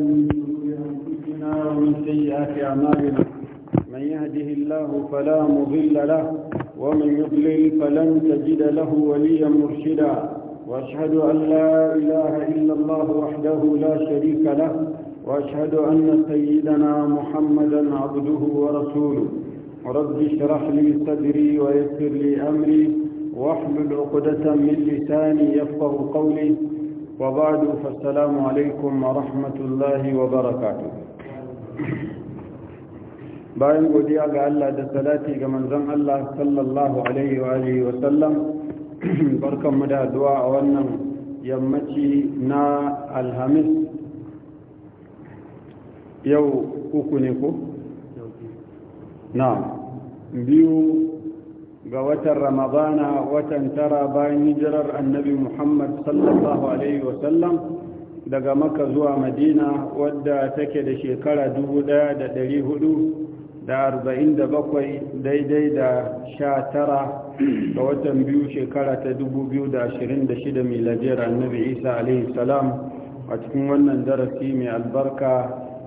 من سيئات أعمالنا من يهده الله فلا مضل له ومن يضلل فلن تجد له وليا مرشدا وأشهد أن لا إله إلا الله وحده لا شريك له وأشهد أن سيدنا محمدا عبده ورسوله رب اشرح لي صدري ويسر لي أمري واحلل عقدة من لساني يفقه قولي وبعد فالسلام wa ورحمة الله وبركاته bayan godiya ga Allah da salati ga manzon Allah sallallahu alaihi wa wa sallam barkanmu da addu'a a wannan yammaci na alhamis yau uku ne ko? na biyu ga watan ramadana watan tara bayan hijirar annabi muhammad sallallahu alaihi wasallam daga maka zuwa madina wadda take da shekara 1447 daidai da 19 ga watan biyu shekara ta 2026 miladiyar annabi isa alaihi salam a cikin wannan darasi mai albarka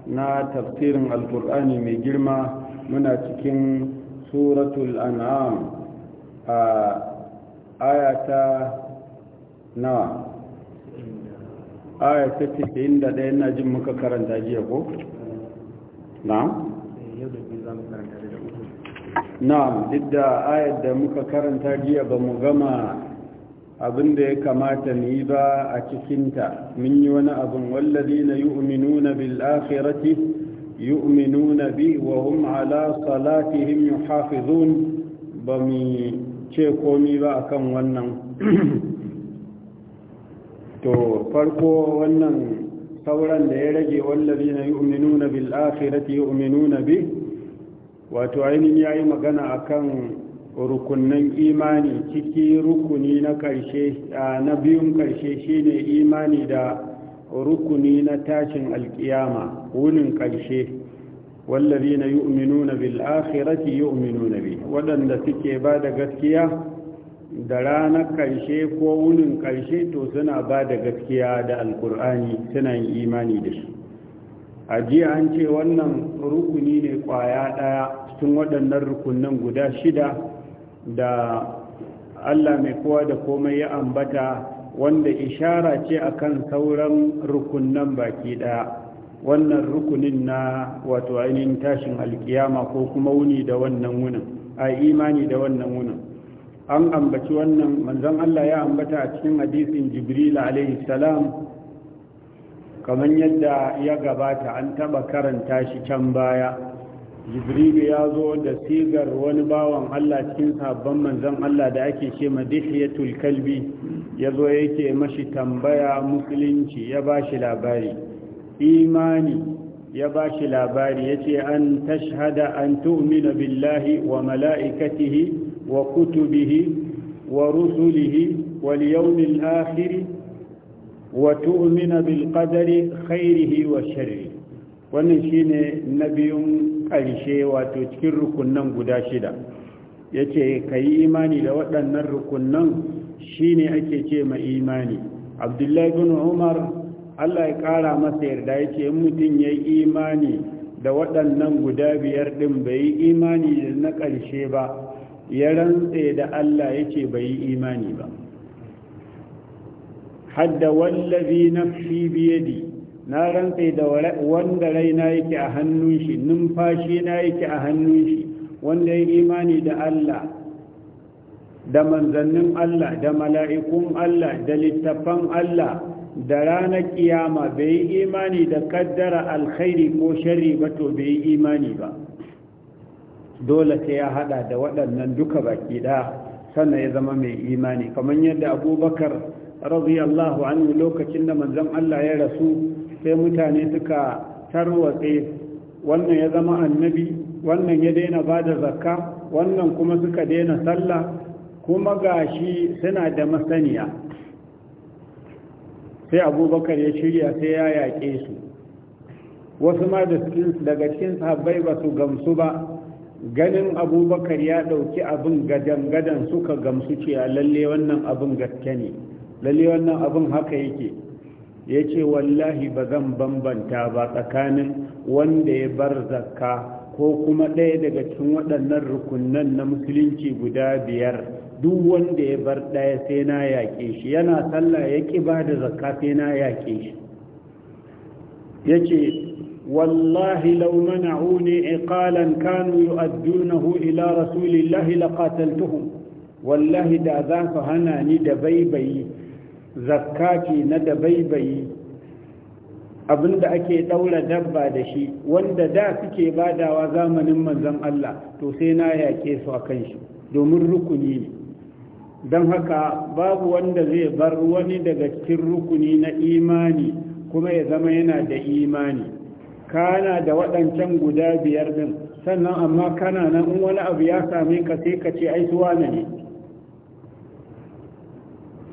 na tafsirin alkur'ani mai girma muna cikin suratul an'am a ta nawa da ɗaya na jin muka karanta jiya ko na? na'am duk da ayar da muka karanta jiya ba mu gama abin da ya kamata mu yi ba a cikinta mun yi wani abin wallazi na yu'minuna bil akhirati yu'minuna bi wa hum ala salatihim yuhafizun ba mu ce komi ba a kan wannan to farko wannan sauran da ya rage wallabi na yu'minuna bil uminu na bi wato ainihin yi magana a kan rukunin imani ciki rukuni na karshe na biyun karshe shine imani da rukuni na tashin alkiyama wunin karshe wallazina yu'minuna bil akhirati yu'minuna bi wadanda suke ba da gaskiya da ranar karshe ko wunin ƙarshe to suna ba da gaskiya da alkur'ani suna yin imani da shi a jiya an ce wannan rukuni ne kwaya ɗaya tun waɗannan rukunan guda shida da allah mai kowa da komai ya ambata wanda ishara ce akan sauran rukunan baki ɗaya. wannan rukunin na wato ainihin tashin alkiyama ko kuma wuni da wannan wunin a imani da wannan wunin an ambaci wannan manzon Allah ya ambata a cikin hadisin Jibril alaihi salam kamar yadda ya gabata an taba karanta shi can baya Jibril ya zo da sigar wani bawan Allah cikin sabon manzon Allah da ake ce madihiyatul kalbi ya zo yake mashi tambaya musulunci ya bashi labari imani ya ba shi labari ya ce an tashhada an tu'mina billahi wa mala'ikatihi wa kutubihi wa rusulihi wal yawmil akhir wa tu'mina bil qadari khairihi wa sharri wannan shine nabiyun karshe wato cikin rukunnan guda shida yace kayi imani da waɗannan rukunnan shine ake ce ma imani abdullahi bin umar Allah ya ƙara masa yarda ya ce mutum ya yi imani da waɗannan guda biyar ɗin bai yi imani da na ƙarshe ba ya rantse da Allah ya ce bai yi imani ba hadda wallafi nafsi biyadi na rantse da wanda raina yake a hannun shi numfashi na yake a hannun shi wanda ya imani da Allah da manzannin Allah da mala'ikun Allah da littafan Allah da ranar kiyama bai yi imani da kaddara alkhairi ko sharri ba to bai yi imani ba dole sai ya hada da waɗannan duka baki ɗaya sannan ya zama mai imani kamar yadda abubakar radiyallahu anhu lokacin da manzon Allah ya rasu sai mutane suka tarwatse wannan ya zama annabi wannan ya daina bada zakka wannan kuma suka daina sallah kuma gashi suna da masaniya sai abubakar ya shirya sai ya yaƙe su wasu ma daga cikin sahabbai ba su gamsu ba ganin abubakar ya ɗauki abin gadan-gadan suka gamsu ce a lalle wannan abin gaske ne lalle wannan abin haka yake ya ce wallahi ba zan bambanta ba tsakanin wanda ya bar zakka ko kuma ɗaya daga cikin waɗannan rukunnan na musulunci guda biyar duk wanda ya bar ɗaya sai na yaƙe shi yana sallah ya ƙi ba da zakka sai na yaƙe shi ya ce wallahi lau hune iqalan kanu hu ila rasulillahi laƙataltuhu wallahi da za su hana ni da baibayi zakkaki na da baibayi abinda ake ɗaura dabba da shi wanda da suke badawa zamanin manzon Allah to sai na yaƙe su a kan shi domin rukuni ne don haka babu wanda zai bar wani daga cikin rukuni na imani kuma ya zama yana da imani kana da waɗancan guda biyar din sannan amma kana nan in wani abu ya same ka sai ka ce ai suwa ne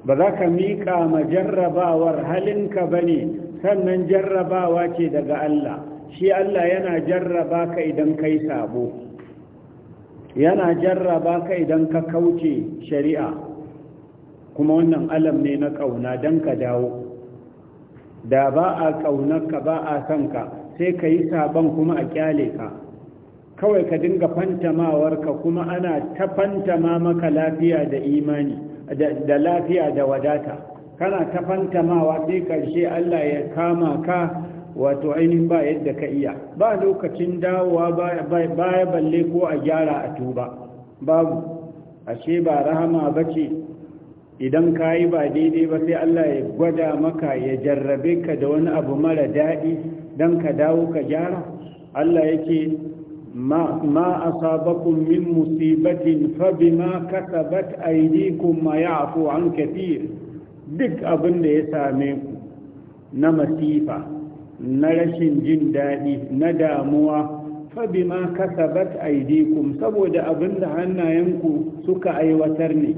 ba za ka miƙa ma jarrabawar halinka ba ne sannan jarrabawa ce daga Allah shi Allah yana jarraba ka idan kai sabo yana jarraba ka idan ka kauce shari'a kuma wannan alam ne na ƙauna don ka dawo da ba a ƙaunarka ba a son ka sai ka yi sabon kuma a kyale ka kawai ka dinga fantamawarka kuma ana ta fantama maka lafiya da imani da lafiya da wadata kana ta fantamawa sai ƙarshe allah ya kama ka wato ainihin ba yadda ka iya ba lokacin dawowa baya balle ko a gyara a tuba babu ashe ba rahama ba ce idan ka yi ba daidai ba sai Allah ya gwada maka ya jarrabe ka da wani abu mara daɗi don ka dawo ka gyara Allah ya ce ma a sabakun min musibatin fa a yi aydikum ma afuwa an kathir duk abin da ya same ku na masifa na rashin jin daɗi na damuwa fabima kasabat aidikum saboda abin da hannayenku suka aiwatar ne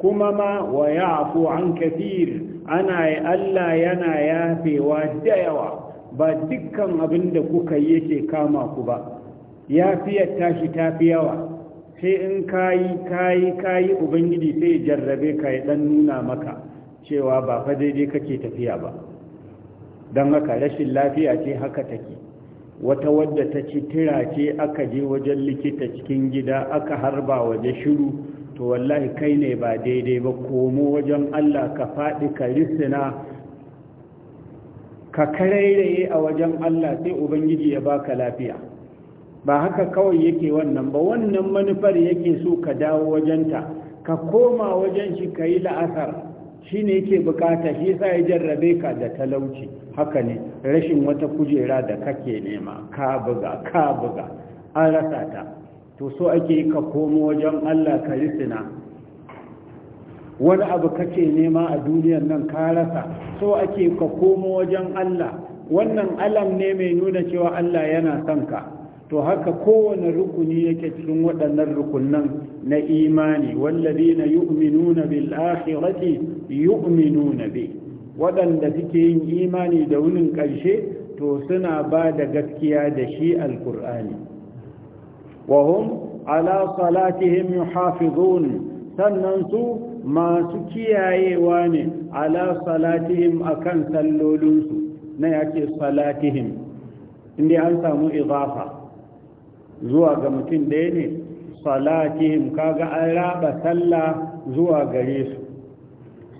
kuma ma wa ya'fu an kathir ana Allah yana yafewa da yawa ba dukkan abin da kuka yi yake kama ku ba yafiyar tashi fi yawa sai in kayi kayi kayi ubangiji sai jarrabe ka ya dan nuna maka cewa ba fa daidai kake tafiya ba don haka rashin lafiya ce haka take wata wadda ta ci tira ce aka je wajen likita cikin gida aka harba waje shiru to wallahi kai ne ba daidai ba komo wajen allah ka faɗi ka risina ka karairaye a wajen allah sai ubangiji ya baka lafiya ba haka kawai yake wannan ba wannan manufar yake so ka dawo wajenta ka koma wajen shi ka yi la'asar shi ne yake bukata shi sa ya jarrabe ka da talauci haka ne rashin wata kujera da kake nema ka buga ka buga an rasa ta to so ake ka komo wajen Allah ka risina wani abu kake nema a duniyar nan ka rasa so ake ka komo wajen Allah wannan alam ne mai nuna cewa Allah yana son ka to haka kowane rukuni yake cikin waɗannan rukunan na imani wallazina yu'minuna bil akhirati yu'minuna bi waɗanda suke yin imani da wunin ƙarshe to suna ba da gaskiya da shi alkur'ani wa hum ala salatihim yuhafizun sannan su masu kiyayewa ne ala salatihim akan sallolinsu na yake salatihim inda an samu izafa zuwa ga mutum ɗaya ne salatihim kaga an raba sallah zuwa gare su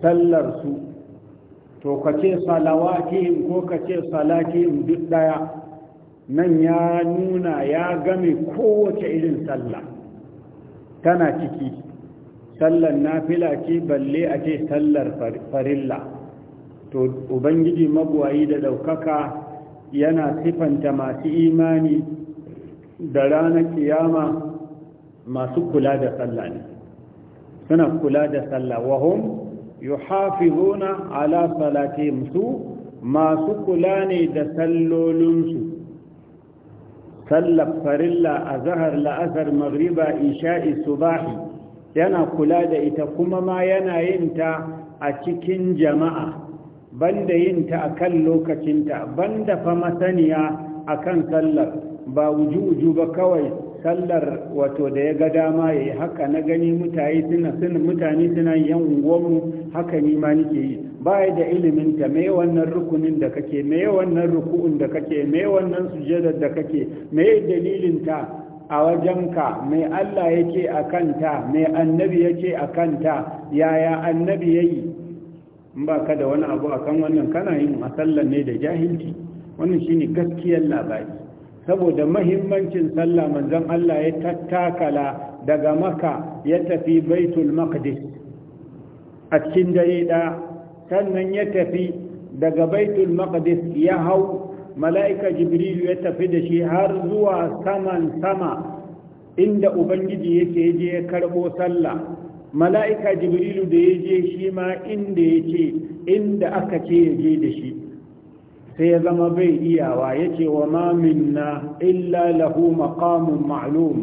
sallarsu to ka ce salawatihim ko ka ce salatihim duk ɗaya nan ya nuna ya game kowace irin sallah tana ciki sallar nafila ce balle a ce sallar farilla to ubangiji magwayi da ɗaukaka yana sifanta masu imani da ranar kiyama masu kula da sallah ne suna kula da sallah wahum yuhafizuna ala salatihim su masu kula ne da sallolinsu sallar farilla a zahar la'azar magriba isha'i subahi yana kula da ita kuma ma yana yin ta a cikin jama'a banda yin ta a kan lokacinta banda fa masaniya a kan sallar ba wuju ba kawai sallar wato da ya ga dama ya yi haka na gani mutane suna mutane suna yan gwamu haka ni ma yi baya da ilimin ta me wannan rukunin da kake me wannan ruku'un da kake me wannan sujadar da kake me dalilin ta a ka mai Allah yake a kanta mai annabi yake a kanta yaya annabi yayi in ba ka da wani abu akan wannan kana yin sallar ne da jahilci wannan shine gaskiyar labari saboda mahimmancin sallah manzon Allah ya tattakala daga maka ya tafi baitul maqdis a cikin dare da sannan ya tafi daga baitul maqdis ya hau mala'ika jibrilu ya tafi da shi har zuwa saman sama inda ubangiji yake je ya karbo sallah mala'ika jibrilu da ya je shi ma inda ya ce inda aka ce ya je da shi sai ya zama bai iyawa ce wa ma minna illa lahu maqamun ma'lum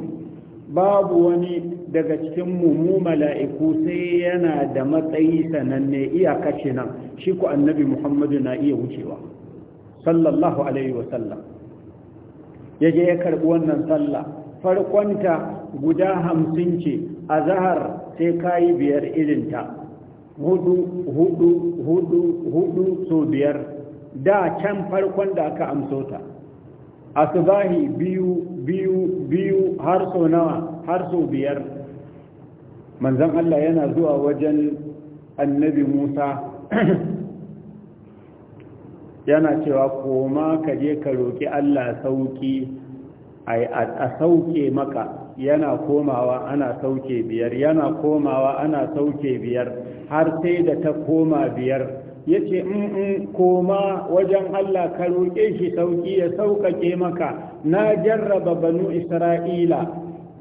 babu wani daga cikin mu mala'iku sai yana da matsayi sananne iyakace nan shi ku annabi muhammadu na iya wucewa sallallahu alaihi wasallam ya je ya karbi wannan sallah farkonta guda hamsin ce a zahar sai kayi biyar irinta hudu hudu hudu hudu so biyar da can farkon da aka amso ta zahi biyu biyu biyu har so nawa har so biyar manzon Allah yana zuwa wajen annabi Musa yana cewa koma ka je ka roƙi Allah sauki a sauke maka yana komawa ana sauke biyar yana komawa ana sauke biyar har sai da ta koma biyar ya ce in mm, mm, koma wajen Allah ka roƙe shi sauƙi ya sauƙaƙe maka na jarraba banu isra'ila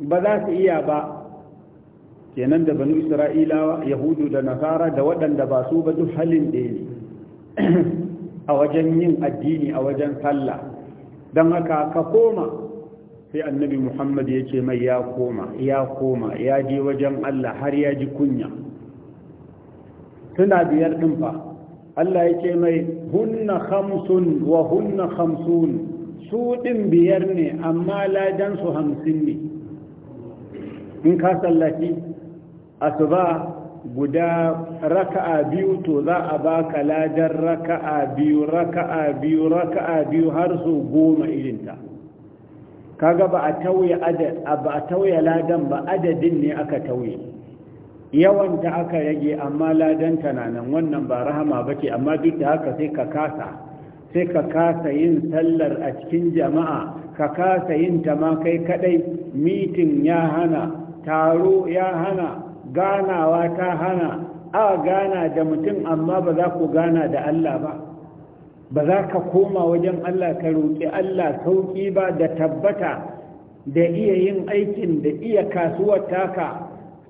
ba za su iya ba kenan da banu isra'ila yahudu da nasara da waɗanda ba su ba duk halin ɗaya ne a wajen yin addini a wajen sallah don haka ka koma sai annabi muhammad ya ce mai ya koma ya koma ya je wajen Allah har ya ji kunya suna biyar ɗin fa Allah ce mai hunna khamsun wa hunna khamsun su ɗin biyar ne amma ladan su hamsin ne in ka sallaki asuba guda raka'a biyu to za a baka ladan raka'a biyu raka'a biyu raka'a biyu har su goma irinta kaga ba a tauye ladan ba adadin ne aka tauye yawan da aka rage amma ladan nan wannan ba rahama ba ce amma duk da haka sai ka kasa sai ka kasa yin sallar a cikin jama'a ka kasa yin tama kai kadai mitin ya hana taro ya hana ganawa ta hana a gana da mutum amma ba za ku gana da Allah ba ba za ka koma wajen Allah ka roƙi Allah sauƙi ba da tabbata da iya yin aikin da iya kasuwar taka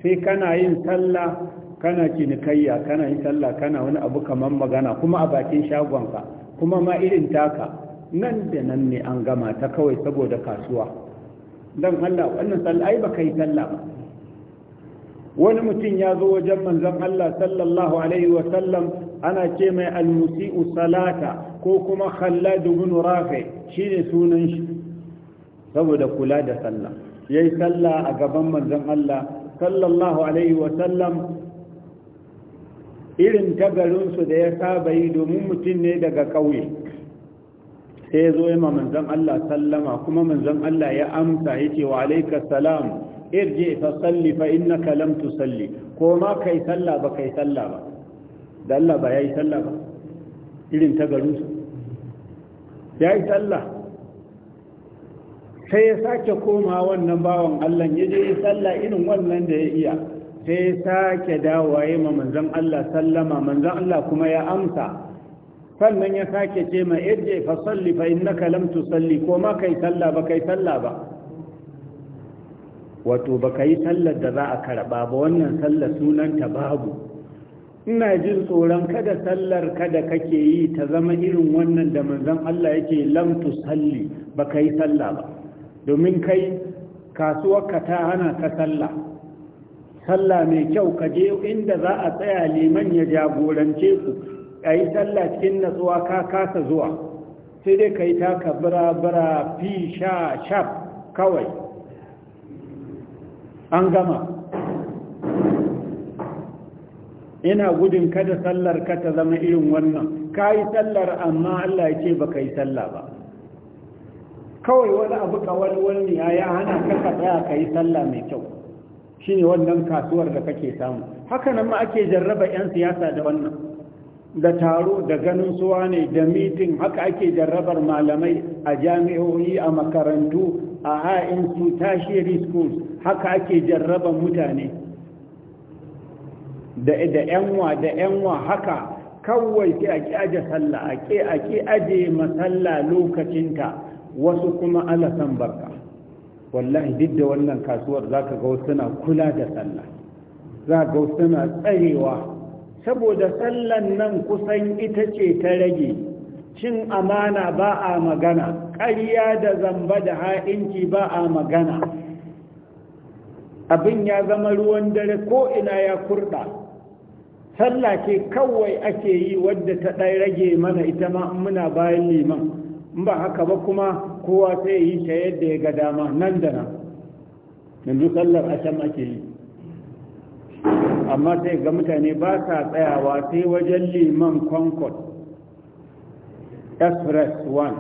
sai kana yin sallah kana cinikayya kana yin sallah kana wani abu kamar magana kuma a bakin shagonka kuma ma irin taka nan da nan ne an gama ta kawai saboda kasuwa dan Allah wannan sallah ai baka yi sallah ba wani mutum ya zo wajen manzon Allah sallallahu alaihi wa sallam ana ce mai almusi'u salata ko kuma khallad ibn rafi shine sunan shi saboda kula da sallah yayi sallah a gaban manzon Allah sallallahu alaihi wasallam irin tagarinsu da ya saba yi domin mutum ne daga ƙauye sai ya zo ma manzan Allah sallama kuma manzan Allah ya amsa ya ce wa alaika salam irje fa salli fa innaka lam tusalli ko ma kai salla ba kai salla ba da Allah ba yi salla ba irin tagarinsu ya yi salla. sai ya sake koma wannan bawan Allah ya je sallah irin wannan da ya iya sai ya sake dawowa ya ma manzon Allah sallama manzon Allah kuma ya amsa sannan ya sake ce ma irje fa salli fa innaka lam tusalli ko ma kai sallah ba kai sallah ba wato ba kai sallar da za a karba ba wannan sallar sunanta babu ina jin tsoron kada sallar kada kake yi ta zama irin wannan da manzon Allah yake lam tusalli ba kai sallah ba domin kai kasuwarka ta hana ka sallah sallah mai kyau ka je inda za a tsaya liman ya jagorance ku a yi sallah cikin natsuwa ka kasa zuwa sai dai ka yi taka bira-bira fi sha shaf kawai an gama ina gudun kada sallar ka ta zama irin wannan ka yi sallar amma allah ya ce ba ka yi sallah ba kawai wani abu ka wani wani ya yi hana ka tsaya ka yi sallah mai kyau shine wannan kasuwar da kake samu haka nan ma ake jarraba 'yan siyasa da wannan da taro da ganin suwa ne da mitin haka ake jarrabar malamai a jami'o'i a makarantu a ha'in su tashiri schools haka ake jarrabar mutane da yanwa da yanwa haka kawai ke a ƙi aje sallah a aje masalla lokacinta wasu kuma ala san barka wallahi duk da wannan kasuwar za ka ga na kula da sallah za ka wasu na tsarewa saboda sallan nan kusan ita ce ta rage cin amana ba a magana ƙarya da zamba da ha'inci ba a magana abin ya zama ruwan dare ko ina ya kurɗa sallah ce kawai ake yi wadda ta ɗai rage mana ita ma muna bayan liman in ba haka ba kuma kowa sai yi ta yadda ya ga dama nan da nan yanzu sallar asham ake yi amma sai ga mutane ba sa tsayawa sai wajen liman concord express 1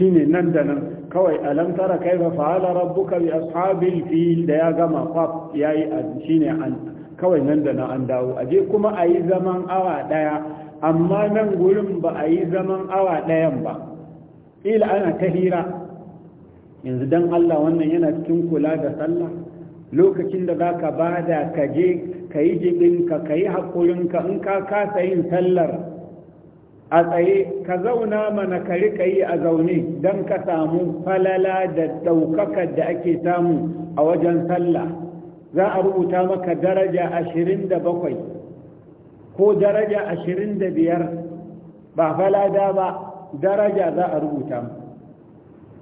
shine nan da nan kawai alamtara kai ba fa'ala rabbuka bi ashabil fil da ya gama kwaf yayi shine an kawai nan da nan an dawo aje kuma a yi zaman awa daya amma nan gurin ba a yi zaman awa ɗayan ba ƙila ana ta hira yanzu don allah wannan yana cikin kula da sallah lokacin da za ka ba da ka je ka yi jibinka ka yi haƙurinka in ka kasa yin sallar a tsaye ka zauna mana ka rika yi a zaune don ka samu falala da ɗaukakar da ake samu a wajen sallah za a rubuta maka daraja ashirin da bakwai ko daraja ashirin da biyar ba falada ba daraja za a rubuta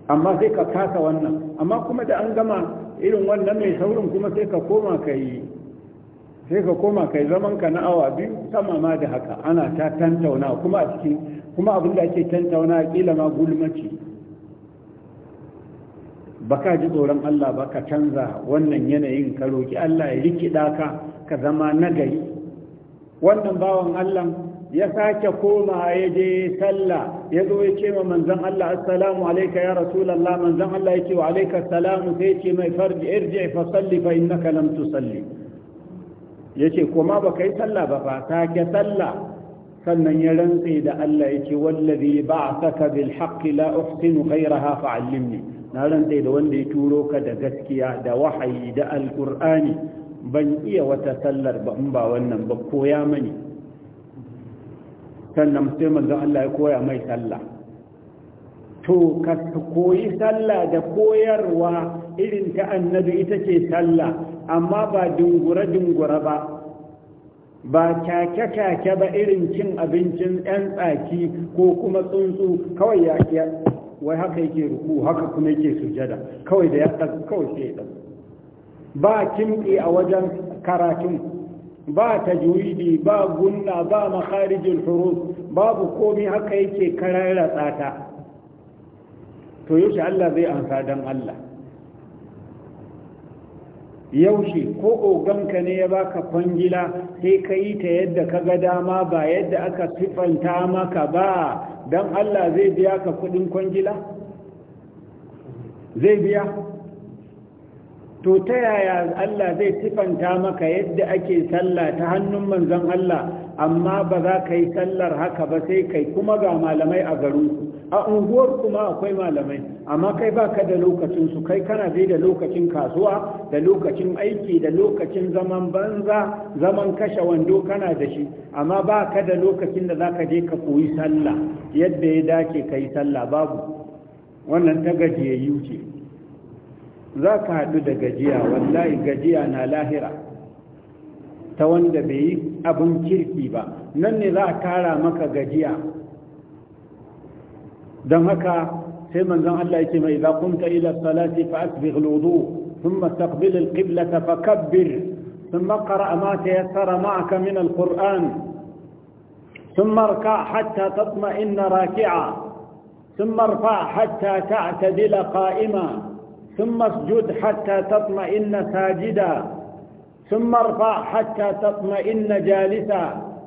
amma sai ka kasa wannan amma kuma da an gama irin wannan mai saurin kuma sai ka koma ka yi sai ka koma kai zaman ka na awa biyu sama ma da haka ana ta tantauna kuma a cikin kuma abin da ake tantauna kila ma gulmaci baka ji tsoron Allah ba ka canza wannan yanayin ka roki Allah ya rikida ka ka zama nagari wannan bawan Allah ya sake koma ya je sallah ya zo ya ce ma manzon Allah assalamu alayka ya rasulullah manzon Allah ya ce wa alayka assalamu sai ce mai farji irji fa salli fa innaka lam tusalli yace koma baka yi sallah ba fa sake sallah sannan ya rantse da Allah yace wallazi ba'athaka bil haqqi la uhsinu ghayraha fa'allimni na rantse da wanda ya turo ka da gaskiya da wahayi da alqur'ani ban iya wata sallar ba in ba wannan ba koya mani sannan sai manzo Allah ya koya mai sallah to ka koyi sallah da koyarwa irin ta annabi ita ce sallah amma ba dungura dungura ba ba kyake-kyake ba irin cin abincin 'yan tsaki ko kuma tsuntsu kawai ya wai haka yake ruku haka kuma yake sujada kawai da ya kawai sai ya ba kimɗi a wajen karatun ba tajwidi ba gunna ba makarijin huruf babu komi haka yake karara tsata to yaushe Allah zai amsa dan Allah yaushe ko oganka ne ya baka kwangila sai ka yi ta yadda ka ga dama ba yadda aka sifanta maka ba dan Allah zai biya ka kudin kwangila zai biya to ta yaya Allah zai sifanta maka yadda ake sallah ta hannun manzon Allah amma ba za ka yi sallar haka ba sai kai kuma ga malamai a garin a unguwar kuma akwai malamai amma kai ba ka da lokacin su kai kana dai da lokacin kasuwa da lokacin aiki da lokacin zaman banza zaman kashe wando kana da shi amma ba ka da lokacin da za ka je ka koyi sallah yadda ya dace ka yi sallah babu wannan ta gajiyayyu ce za ka haɗu da gajiya wallahi gajiya na lahira ta wanda bai yi abin kirki ba nan ne za a kara maka gajiya don haka sai manzon Allah yake mai za kunta ila salati fa asbigh alwudu ثم استقبل القبلة فكبر ثم قرأ ما تيسر معك من القرآن ثم اركع حتى تطمئن راكعا ثم ارفع حتى تعتدل قائما ثم اسجد حتى تطمئن ساجدا ثم ارفع حتى تطمئن جالسا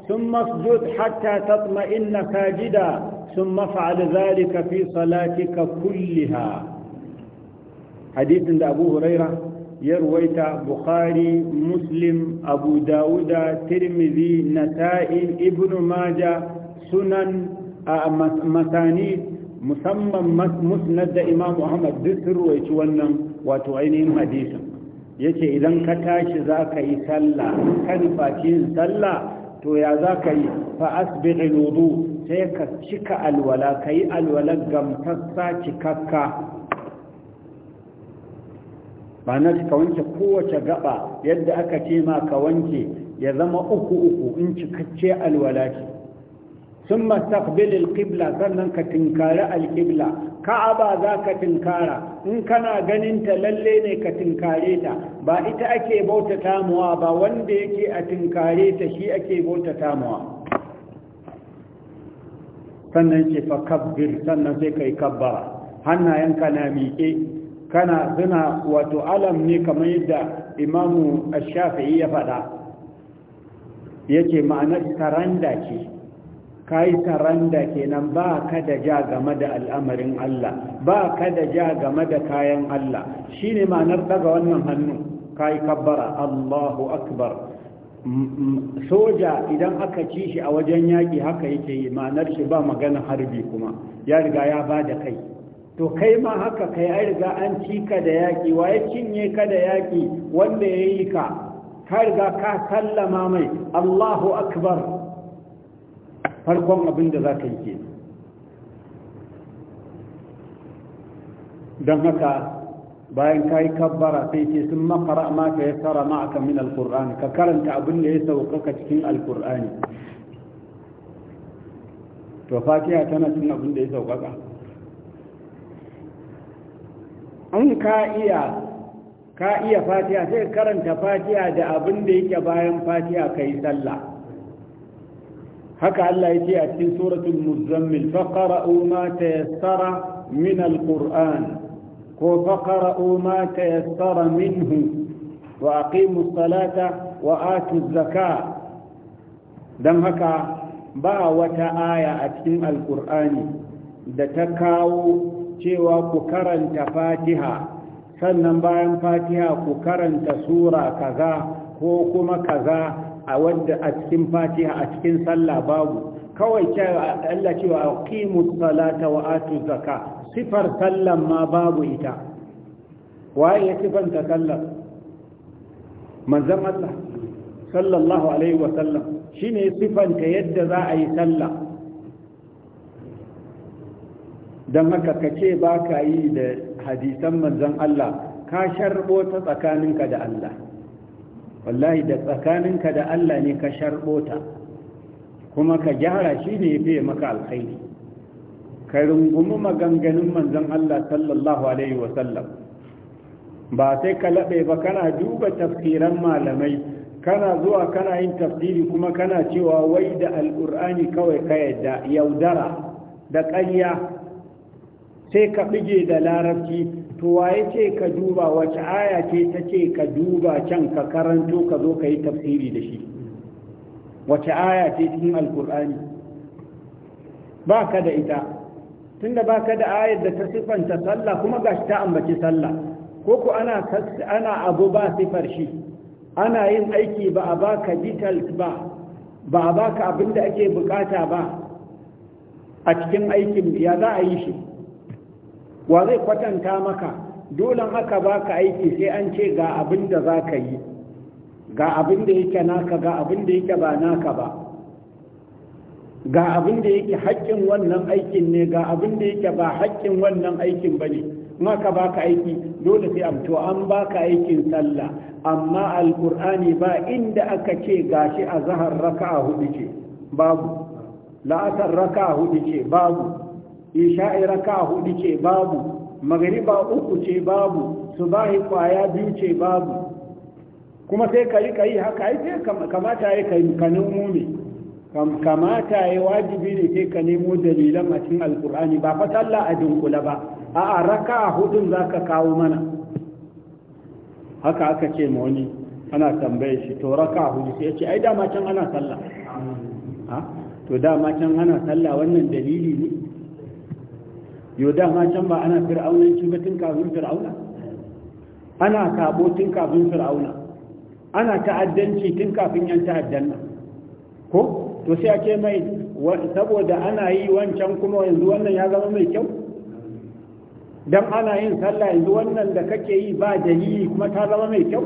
ثم اسجد حتى تطمئن ساجدا ثم افعل ذلك في صلاتك كلها حديث عند أبو هريرة يرويت بخاري مسلم أبو داود ترمذي نسائي ابن ماجه سنن آه، مسانيد musamman musnad da imam ahmad duk sun ruwaici wannan wato ainihin hadisin yace idan ka tashi za ka yi sallah ka nufaci yin sallah to ya za ka yi fa asbighil wudu sai ka cika alwala ka yi alwala gamtassa cikakka ba na ka wanke kowace gaba yadda aka ce ma ka wanke ya zama uku uku in cikakke alwala ce sun mastaqbil alqibla sannan ka tinkari alqibla ka'a za ka tinkara in kana ganin ta lalle ne ka tinkare ta ba ita ake bautata muwa ba wanda yake a tinkare ta shi ake bautata muwa sannan ce fa kabbir sannan kai kabbara hannayenka na miƙe kana suna wato alam ne kamar yadda imamu ash-shafi'i ya faɗa yace ma'anar taranda ce ka yi saranda kenan ba ka da ja game da al'amarin Allah ba ka da ja game da kayan Allah shi ne ma'anar daga wannan hannu ka yi kabbara Allahu akbar soja idan aka ci shi a wajen yaƙi haka yake yi ma'anar shi ba magana harbi kuma ya riga ya ba da kai to kai ma haka kai ya riga an ci ka da yaƙi wa ya cinye ka da yaƙi wanda ya yi ka ka riga ka sallama mai Allahu akbar farkon abin da za ka yi ke don haka bayan ka yi kabbara sai ce sun makara ma ka ya tsara a min alkur'ani ka karanta abin da ya sauƙaƙa cikin alkur'ani to fatiha tana cin abin da ya sauƙaƙa an ka iya ka iya fatiha sai karanta fatiha da abin da yake bayan fatiha ka yi sallah haka Allah ya ce a cikin suratul muzammil faqra'u ma tayassara min alquran ko faqra'u ma tayassara minhu wa aqimu salata wa atu dan haka ba wata aya a cikin alqur'ani da ta kawo cewa ku karanta fatiha sannan bayan fatiha ku karanta sura kaza ko kuma kaza a wadda a cikin fatiha a cikin sallah babu kawai Allah cewa aqimu salata wa atu zaka sifar sallan ma babu ita waye ya sifanta sallan manzon Allah sallallahu alaihi wa sallam shine sifanta yadda za a yi sallah dan haka kace ba ka yi da hadisan manzan Allah ka sharbo ta tsakaninka da Allah wallahi da tsakaninka da Allah ne ka sharbota kuma ka gyara shi ne fiye maka alkhairi ka rungumi maganganun manzon Allah sallallahu alaihi wasallam ba sai ka laɓe ba kana duba tafsiran malamai kana zuwa kana yin tafsiri kuma kana cewa wai da alƙur'ani kawai ka yaudara da ƙarya sai ka ɓige da larabci to waye ce ka duba wace aya ce ta ce ka duba can ka karanto ka zo ka yi tafsiri da shi wace aya ce cikin alkur'ani ba ka da ita tunda baka da ayar da ta siffanta sallah kuma gashi ta ambaci sallah ko ku ana ana abu ba siffar shi ana yin aiki ba a baka details ba ba a baka abin ake bukata ba a cikin aikin ya za a yi shi wa zai kwatanta maka dole aka baka aiki sai an ce ga abin da za ka yi ga abin da yake naka ga abin da yake ba naka ba ga abin da yake haƙƙin wannan aikin ne ga abin da yake ba haƙƙin wannan aikin ba ne maka baka aiki dole sai amto an baka aikin sallah amma alƙur'ani ba inda aka ce gashi a zahar raka'a hudu ce babu la'asar raka'a hudu ce babu isha'i raka hudu ce babu magariba uku ce babu subahi kwaya biyu ce babu kuma sai ka yi ka yi haka ai sai kamata ya kai ka mu ne kamata ya wajibi ne sai ka nemo dalilan a cikin alkur'ani ba fa talla a dunkula ba a'a raka hudun zaka kawo mana haka aka ce ma wani ana tambaye shi to raka hudu sai ya ce ai dama can ana sallah to dama can ana sallah wannan dalili ne yau dama can ba ana fir'aunan ba tun kafin fir'auna ana sabo tun kafin fir'auna ana ta'addanci tun kafin yan ta'addan nan ko to sai ake mai saboda ana yi wancan kuma yanzu wannan ya zama mai kyau dan ana yin sallah yanzu wannan da kake yi ba dalili kuma ta zama mai kyau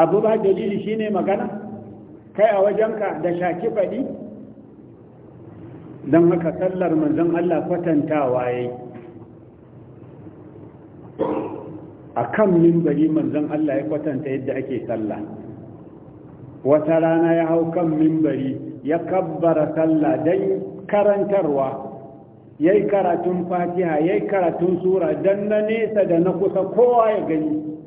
abu ba dalili shine magana kai a wajenka da shaki faɗi don haka sallar manzon Allah kwatantawa ya yi a kan mimbari manzon Allah ya kwatanta yadda ake sallah wata rana ya hau kan mimbari ya kabbara sallah dai karantarwa ya yi karatun fatiha ya yi karatun sura don na nesa da na kusa kowa ya gani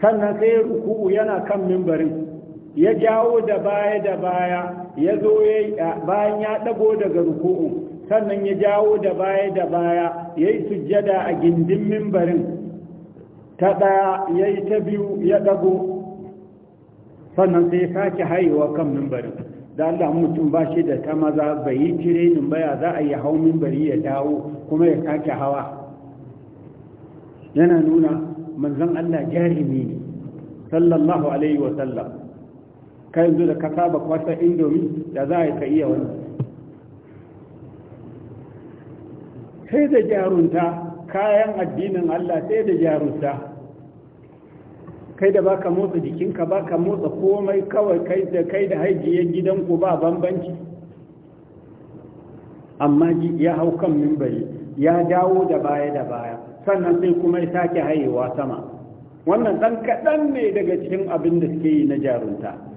sannan sai ruku'u yana kan mimbarin ya jawo da baya da baya ya zo ya bayan ya ɗago daga ruku'u sannan ya jawo da baya da baya ya yi sujjada a gindin mimbarin ta ɗaya ya yi ta biyu ya ɗago sannan sai ya sake haihuwa kan mimbarin da Allah mutum ba shi da ta maza bai yi tirenin baya za a yi hau mimbari ya dawo kuma ya sake hawa yana nuna manzon Allah jarimi ne sallallahu alaihi wa sallam ka yanzu da ka saba kwasa indomi da za a ka iya wani sai da jarunta kayan addinin allah sai da jarunta kai da baka motsa jikinka baka motsa komai kawai kai da kai da haijiyar gidanku ba bambanci amma ya hau kan mimbari ya dawo da baya da baya sannan sai kuma ya sake hayewa sama wannan dan kaɗan ne daga cikin abin da suke yi na jarunta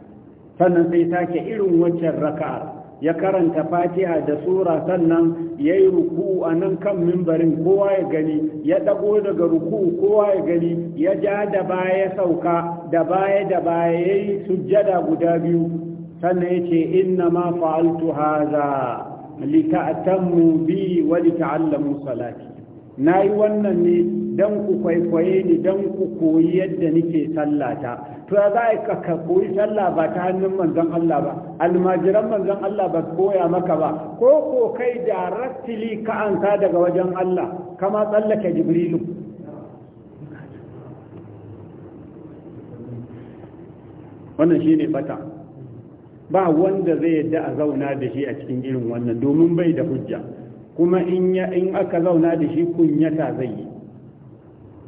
sannan sai sake irin waccan raka'a ya karanta fatiha da sura sannan ya yi ruku a nan kan mimbarin kowa ya gani ya ɗago daga ruku kowa ya gani ya ja da baya sauka da baya da baya ya yi sujjada guda biyu sannan ya ce inna ma fa'altu haza li ta'tammu bi wa li ta'allamu salati na yi wannan ne don ku kwaikwaye ni don ku koyi yadda nike sallata to ya za a ka koyi sallah ba ta hannun manzon Allah ba almajiran manzon Allah ba koya maka ba ko ko kai directly ka ta daga wajen Allah kama tsallake jibrilu wannan shi ne fata ba wanda zai yadda a zauna da shi a cikin irin wannan domin bai da hujja kuma in aka zauna da shi kunyata zai yi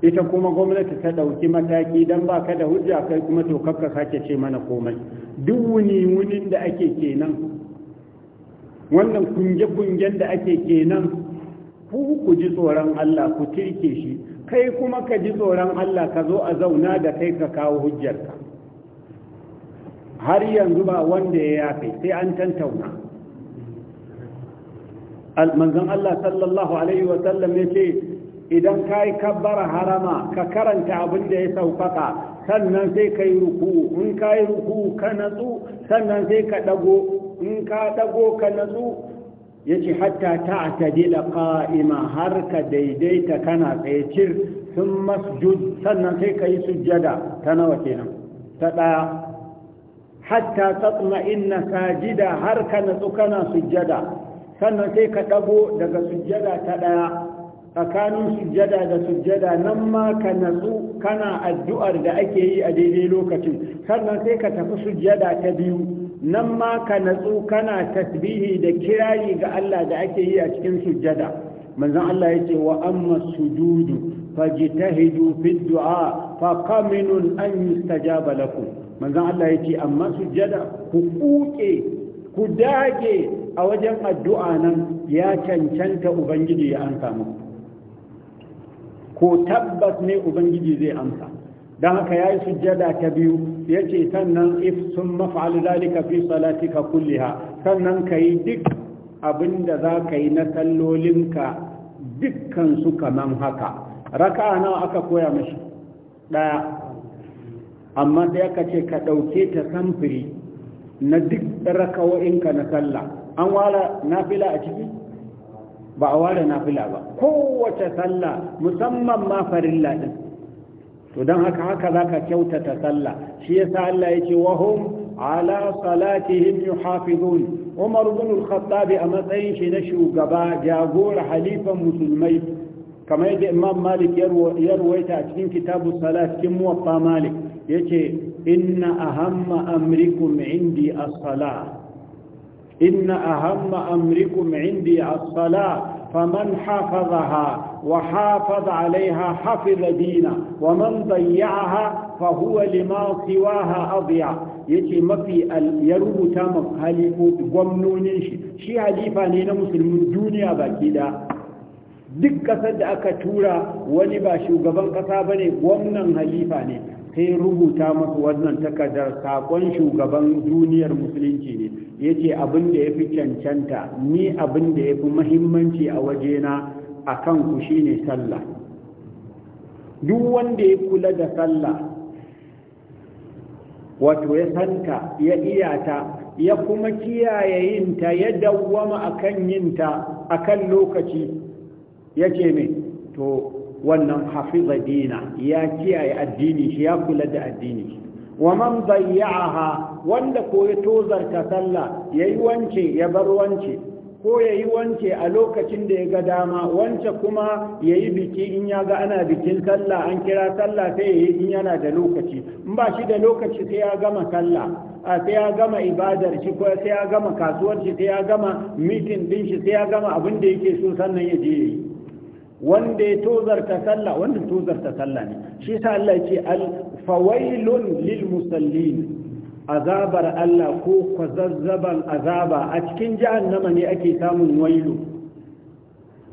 ita kuma gwamnati ta ɗauki mataki don ba ka da hujja kai kuma to kakka sake ce mana komai duk wuni wunin da ake kenan wannan kunge-kungen da ake kenan ku ku ji tsoron Allah ku tirke shi kai kuma ka ji tsoron Allah ka zo a zauna da kai ka kawo hujjarka har yanzu ba wanda ya yafe sai an tantauna manzon Allah sallallahu alaihi Wasallam sallam yace idan ka kai kabbara harama ka karanta abin da ya saukaka sannan sai ka yi ruku in ka yi ruku ka natsu sannan sai ka dago in ka dago ka natsu yace hatta ta'tadila ƙa'ima har ka daidaita kana tsaye sun masjud sannan sai ka yi sujjada ta nawa kenan ta ɗaya. hatta tatma inna sajida har ka natsu kana sujjada sannan sai ka ɗago daga sujjada ta ɗaya tsakanin sujjada da sujjada nan ma ka natsu kana addu'ar da ake yi a daidai lokacin sannan sai ka tafi sujjada ta biyu nan ma ka natsu kana tasbihi da kirari ga Allah da ake yi a cikin sujjada manzon Allah ya ce wa amma sujudu fajtahidu fi du'a fa qaminun an yustajaba lakum manzon Allah ya ce amma sujjada ku kuke ku dage a wajen addu'a nan ya cancanta ubangiji ya amsa muku ko tabbas ne ubangiji zai amsa don haka ya yi sujjada ta biyu ya ce sannan if sun mafa'al zalika fi kulle kulliha sannan ka yi duk abin da za ka yi na sallolinka dukkan su kaman haka raka nawa aka koya mashi ɗaya amma sai aka ce ka ɗauke ta samfuri na duk rakawo'inka na sallah an ware nafila a ciki ba a ware nafila ba kowace sallah musamman ma farin din to don haka haka zaka kyautata sallah shi yasa Allah ya wa hum ala salatihim yuhafizun Umar ibn al-Khattab a matsayin shi na shugaba jagora halifan musulmai kamar yadda Imam Malik ya ruwaita a cikin kitabu salat cikin muwatta Malik yace inna ahamma amrikum indi as-salah إن أهم أمركم عندي الصلاة فمن حفظها وحافظ عليها حفظ دينه ومن ضيعها فهو لما سواها أضيع yace mafi ya rubuta ma halifofi gwamnonin shi halifa ne na musulmin duniya baki da duk kasar da aka tura wani ba shugaban kasa bane gwamnan halifa ne sai rubuta masu wannan takardar sakon shugaban duniyar musulunci ne ya ce abin da ya fi cancanta ni abin da ya fi mahimmanci a wajena a kanku ne sallah duk wanda ya kula da sallah wato ya santa ya iyata ya kuma kiyaye yinta ya dawwama akan yinta akan lokaci ya ce to wannan hafiza dina ya kiyaye addini shi ya kula da addini shi wa man bayya'aha wanda ko ya tozarta sallah yayi wance ya bar wance ko yayi wance a lokacin da ya ga dama wance kuma yayi biki in ya ga ana bikin sallah an kira sallah sai yayi in yana da lokaci in ba shi da lokaci sai ya gama sallah a sai ya gama ibadar shi ko sai ya gama kasuwar shi sai ya gama mitin din shi sai ya gama abin da yake so sannan ya je yayi wanda ya tozarta sallah wanda tozarta sallah ne shi sa Allah ce al fawailun lil musallin azabar Allah ko kwazazzaban azaba a cikin jahannama ne ake samun wailu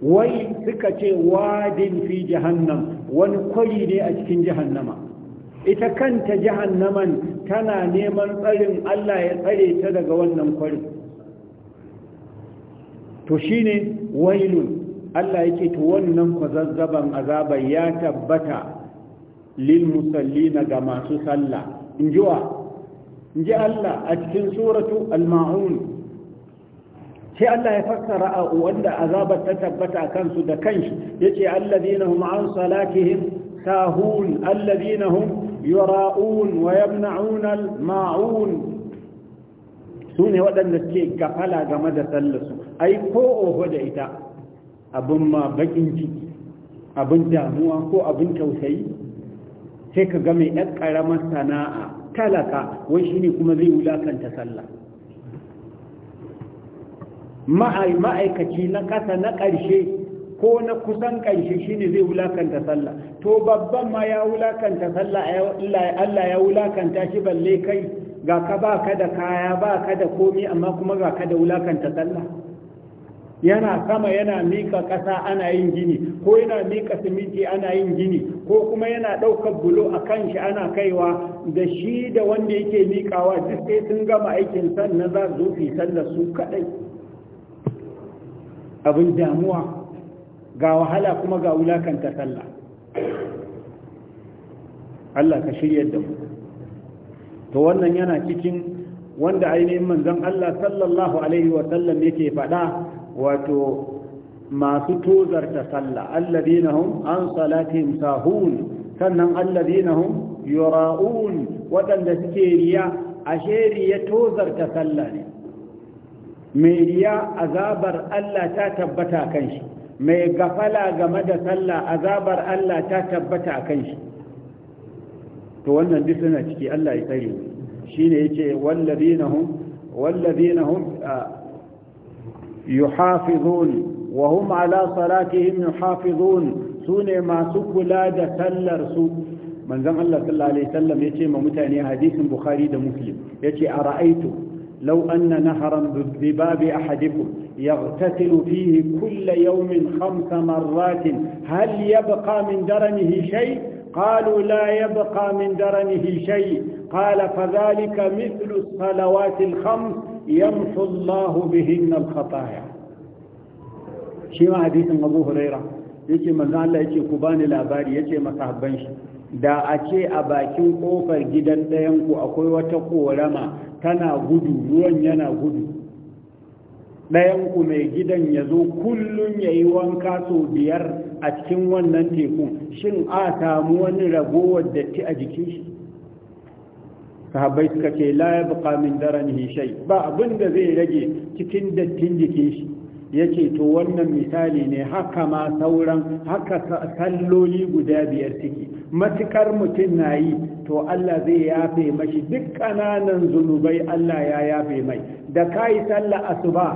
wai suka ce wadin fi jahannam wani kwari ne a cikin jahannama ita kanta jahannaman tana neman tsarin Allah ya tsare ta daga wannan kwarin to shine wailun Allah yake to wannan kwazazzaban azaba ya tabbata lil musallina ga masu sallah in ji Allah a cikin suratu al-ma'un sai Allah ya fassara a wanda azabar ta tabbata kansu da kanshi yace alladhina hum an salatihim sahun alladhina hum yura'un wa yamna'una al-ma'un sune waɗanda suke gafala game da sallarsu ai ko oho da ita abin ma bakin ciki abin damuwa ko abin tausayi sai ka ga mai ɗan ƙaramar sana'a talaka wai shi ne kuma zai wulakanta sallah ma'aikaci na ƙasa na ƙarshe ko na kusan ƙarshe shi ne zai wulakanta sallah to babban ma ya wulakanta sallah Allah ya wulakanta shi balle kai ga ka ba ka da kaya ba ka da komi amma kuma ga ka da wulakanta sallah yana sama yana mika ƙasa ana yin gini ko yana mika siminti ana yin gini ko kuma yana ɗaukar bulo a kan shi ana kaiwa da shi da wanda yake mikawa duk sai sun gama aikin sannan za su fi sallar su kaɗai abin damuwa ga wahala kuma ga wulakanta sallah Allah ka shirya da mu to wannan yana cikin wanda ainihin manzon Allah sallallahu alaihi wa sallam yake faɗa wato masu tozarta sallah alladhina hum an salatihim sahun sannan alladhina hum yura'un waɗanda suke riya ashe riya tozarta sallah ne mai riya azabar Allah ta tabbata kan shi mai gafala game da sallah azabar Allah ta tabbata kan shi to wannan duk suna ciki Allah ya shi ne ya tsare shine yace wallazina hum wallazina hum يحافظون وهم على صلاتهم يحافظون سنة ما لا دسلر رسول من زم الله صلى الله عليه وسلم يتي ممتعني حديث بخاري دا مسلم يتي أرأيت لو أن نهرا بباب أحدكم يغتسل فيه كل يوم خمس مرات هل يبقى من درنه شيء قالوا لا يبقى من درنه شيء قال فذلك مثل الصلوات الخمس yamsu Allah bihin al-khataya shi ma hadisin Abu Huraira yace manzo Allah ku bani labari yace masahabban shi da a ce a bakin kofar gidan ɗayan ku akwai wata korama tana gudu ruwan yana gudu ɗayan ku mai gidan ya zo ya yayi wanka sau biyar a cikin wannan teku shin a samu wani ragowar datti a jikin shi sahabbai suka ce la bukamin daren min ba abin da zai rage cikin dattin jikin shi yace to wannan misali ne haka ma sauran haka salloli guda biyar ciki. matukar mutum na yi to Allah zai yafe mashi duk ƙananan zunubai Allah ya yafe mai da kai sallah asuba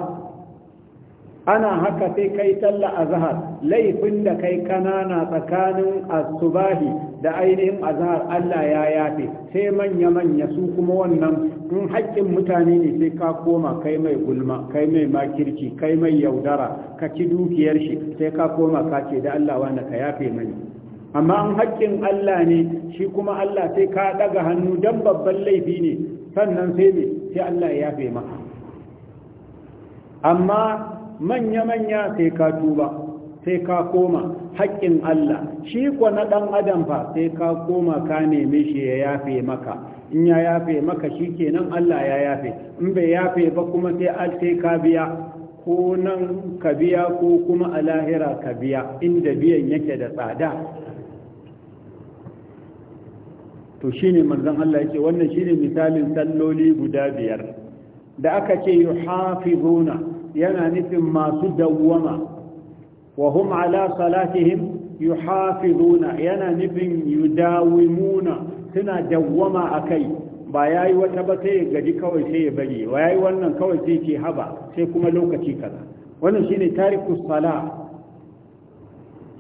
ana haka sai kai sallah azhar laifin da kai kanana tsakanin asubahi da ainihin azhar Allah ya yafe sai manya manya su kuma wannan in haƙƙin mutane ne sai ka koma kai mai gulma kai mai makirci kai mai yaudara ka ci dukiyar shi sai ka koma ka ce da Allah wanda ka yafe mani amma in haƙƙin Allah ne shi kuma Allah sai ka ɗaga hannu dan babban laifi ne sannan sai me sai Allah ya yafe maka amma manya manya sai ka tuba sai ka koma haƙƙin Allah shi ko na ɗan adam fa sai ka koma ka neme shi ya yafe maka in ya yafe maka shi kenan Allah ya yafe in bai yafe ba kuma sai sai ka biya ko nan ka biya ko kuma a lahira ka biya inda biyan yake da tsada to shine manzon Allah yake wannan shine misalin salloli guda biyar da aka ce yuhafizuna yana nufin masu dawwama wa hum ala salatihim yuhafizuna yana nufin yudawimuna suna dawwama akai ba yi wata ba sai gaji kawai sai ya bari ya yi wannan kawai sai ke haba sai kuma lokaci kaza wannan shine tariku sala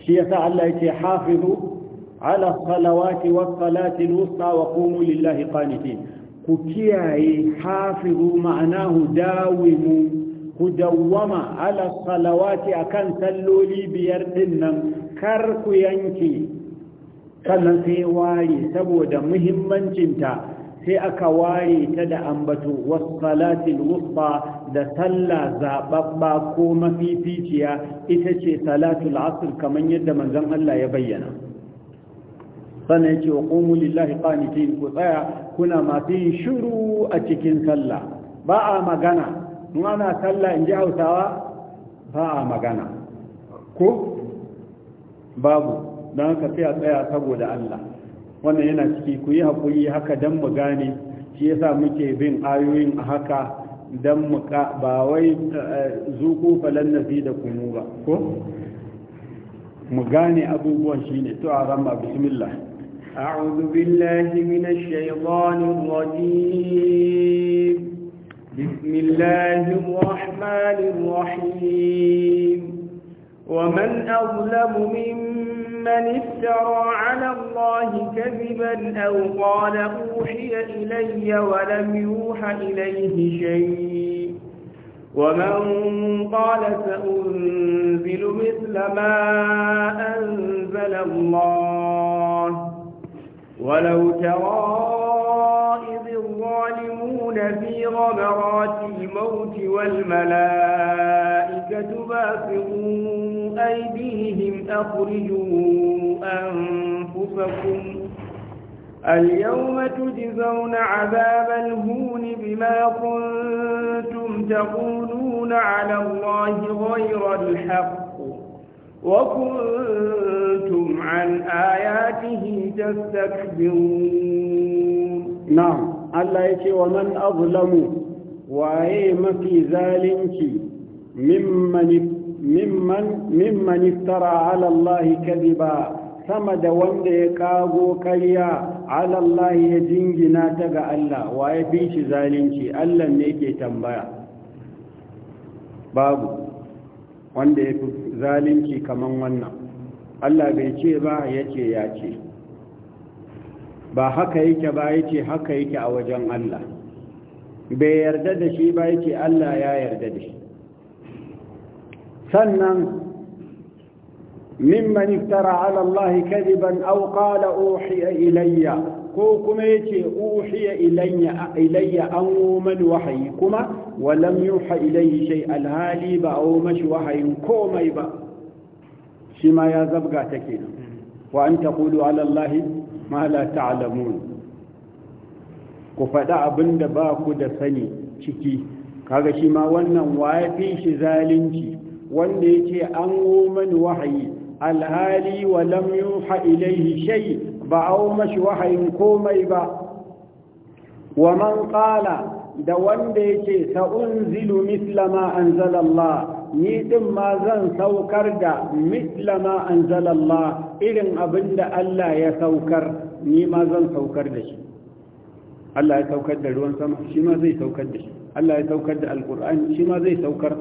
shi yasa Allah yake hafizu ala salawati was salati al wa qumu lillahi qanitin ku kiyaye hafizu ma'anahu dawimu ku dawwama ala salawati akan salloli biyar din nan kar ku yanke sannan sai ware saboda muhimmancinta sai aka ware ta da ambato wasalatil wusta da sallah zaɓaɓɓa ko mafificiya ita ce salatul asr kamar yadda manzon Allah ya bayyana sannan ya ce wa ƙomu lillahi ƙanitin ku tsaya kuna masu yin shiru a cikin sallah ba a magana in ana sallah in ji hausawa ba a magana ko babu don haka sai a tsaya saboda Allah wannan yana ciki ku yi haƙuri haka don mu gane shi yasa muke bin ayoyin a haka don mu ba wai eh, zuku falan da kunu ba ko mu gane abubuwan shine to a rama bismillah أعوذ بالله من الشيطان الرجيم بسم الله الرحمن الرحيم ومن أظلم ممن افترى على الله كذبا أو قال أوحي إلي ولم يوحى إليه شيء ومن قال سأنزل مثل ما أنزل الله ولو ترى إذ الظالمون في غمرات الموت والملائكة باسطوا أيديهم أخرجوا أنفسكم اليوم تجزون عذاب الهون بما كنتم تقولون على الله غير الحق وكنتم عن آياته تستكبرون na'am Allah ya ce wa man azlamu waye mafi zalunci mimman mimman iftara ala Allah kadiba sama da wanda ya kago karya ala Allah ya jingina ta ga Allah waye fi shi zalunci Allah ne yake tambaya babu wanda ya fi zalunci kaman wannan Allah bai ce ba ya ce ya ce ba haka yake ba ce haka yake a wajen Allah bai yarda da shi ba ce Allah ya yarda da shi sannan mimman iftara ala Allah kadiban aw qala uhiya ilayya ko kuma yace uhiya ilayya ilayya an umman wahayi kuma walam yuha ilayhi shay alhali ba aw mashi wahayin komai ba shi ma ya zabga take wa an taqulu ala ma la ta'lamun ku faɗa abin da ba ku da sani ciki kaga shi ma wannan fi shi zalunci wanda yace an mani wahayi alhali wa lam yuha ilayhi shay ba au mashi wahayin komai ba wa man qala da wanda yace sa'unzilu mithla ma anzala Allah ni din ma zan saukar da mislama anzalallah irin abin da Allah ya saukar ni ma zan saukar da shi Allah ya saukar da ruwan sama shi ma zai saukar da shi Allah ya saukar da alkur'ani shi ma zai saukar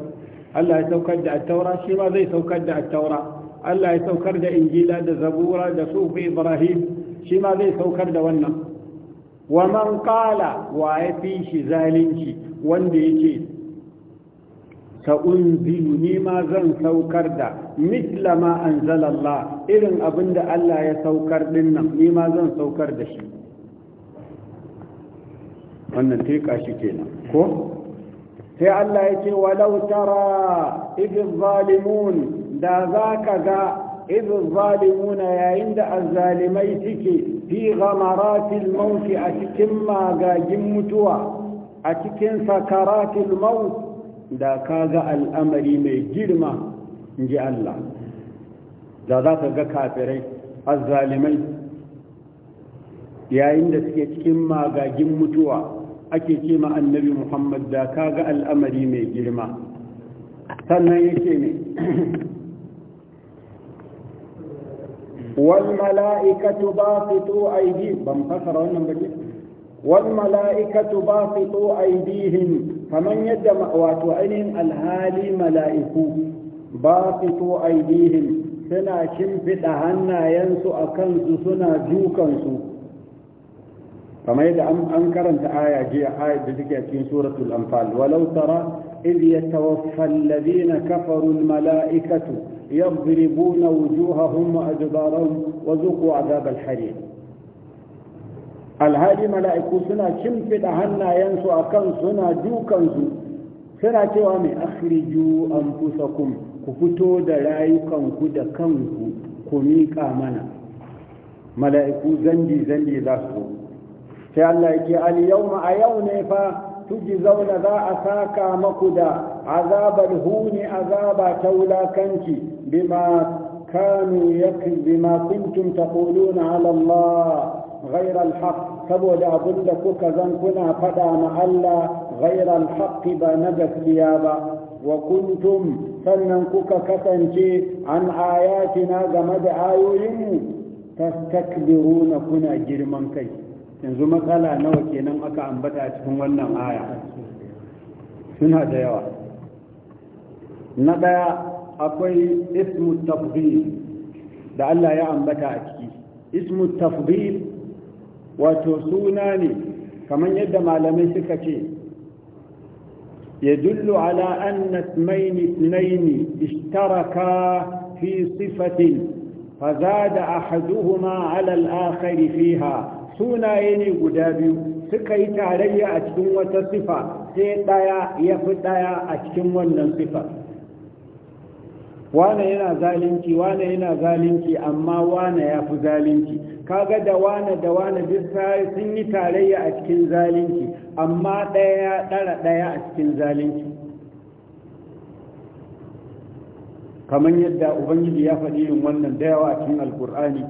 Allah ya saukar da attaura shi ma zai saukar da attaura Allah ya saukar da injila da zabura da sufi ibrahim shi ma zai saukar da wannan wa man qala wa ya fi shi zalunci wanda yake sa'unzilu ni ma zan saukar da mitlama ma anzalallah irin abin da Allah ya saukar din nan ma zan saukar da shi wannan teka shi kenan ko sai Allah ya ce walau tara idh zalimun da zaka ga إذ الظالمون يعند الظالميتك في غمرات الموت أتكما قاجمتوا أتكن سكرات الموت da ka ga al'amari mai girma in ji Allah da za ka ga kafirai azzalimai yayin da suke cikin magagin mutuwa ake ce ma annabi muhammad da ka ga al'amari mai girma sannan yake ne والملائكة باسطوا أيديهم بمفسر ونبجي والملائكة باسطوا أيديهم kaman yadda wato ainihin alhali mala'iku ba fito aidihim suna shimfiɗa hannayensu a kansu suna dukansu kamar yadda an karanta aya jiya ayat da take cikin suratul anfal walau tara إذ يتوفى الذين كفروا الملائكة يضربون وجوههم وأدبارهم وذوقوا عذاب الحريق alhaji mala'iku suna cimfida hannayensu a kan suna dukansu suna cewa mai akhriju an kun ku fito da rayukanku da kanku ku miƙa mana mala'iku zandi-zandi za su sai Allah yake al-yawma a yau ne fa tuji zauna za a saka maku da azabar huni azaba ta wulakanci bima kanu bima kuntum ta ala Allah غير الحق saboda abin da kuka zan kuna faɗa ma Allah ghairal haƙƙi ba na gaskiya ba wa kuntum sannan kuka kasance an ayatina game da ayoyinmu tastakbiruna kuna girman kai yanzu matsala nawa kenan aka ambata cikin wannan aya suna da yawa na ɗaya akwai ismu tafdil da Allah ya ambata a ciki ismu tafdil wato suna ne kamar yadda malamai suka ce ya dullu ala annat maini tunaini ishtaraka fi sifatin faza da a hajjuhuma alal akhari fiha sunaye ne guda biyu suka yi tarayya a cikin wata sifa sai ɗaya, ya fi daya a cikin wannan sifa Wana yana zalinki wana yana zalinki amma wana ya fi zalinki kaga da wane da wane sun yi tarayya a cikin zalunci amma ɗaya ya ɗara ɗaya a cikin zalunci kamar yadda ubangiji ya faɗi yin wannan da yawa a cikin alkur'ani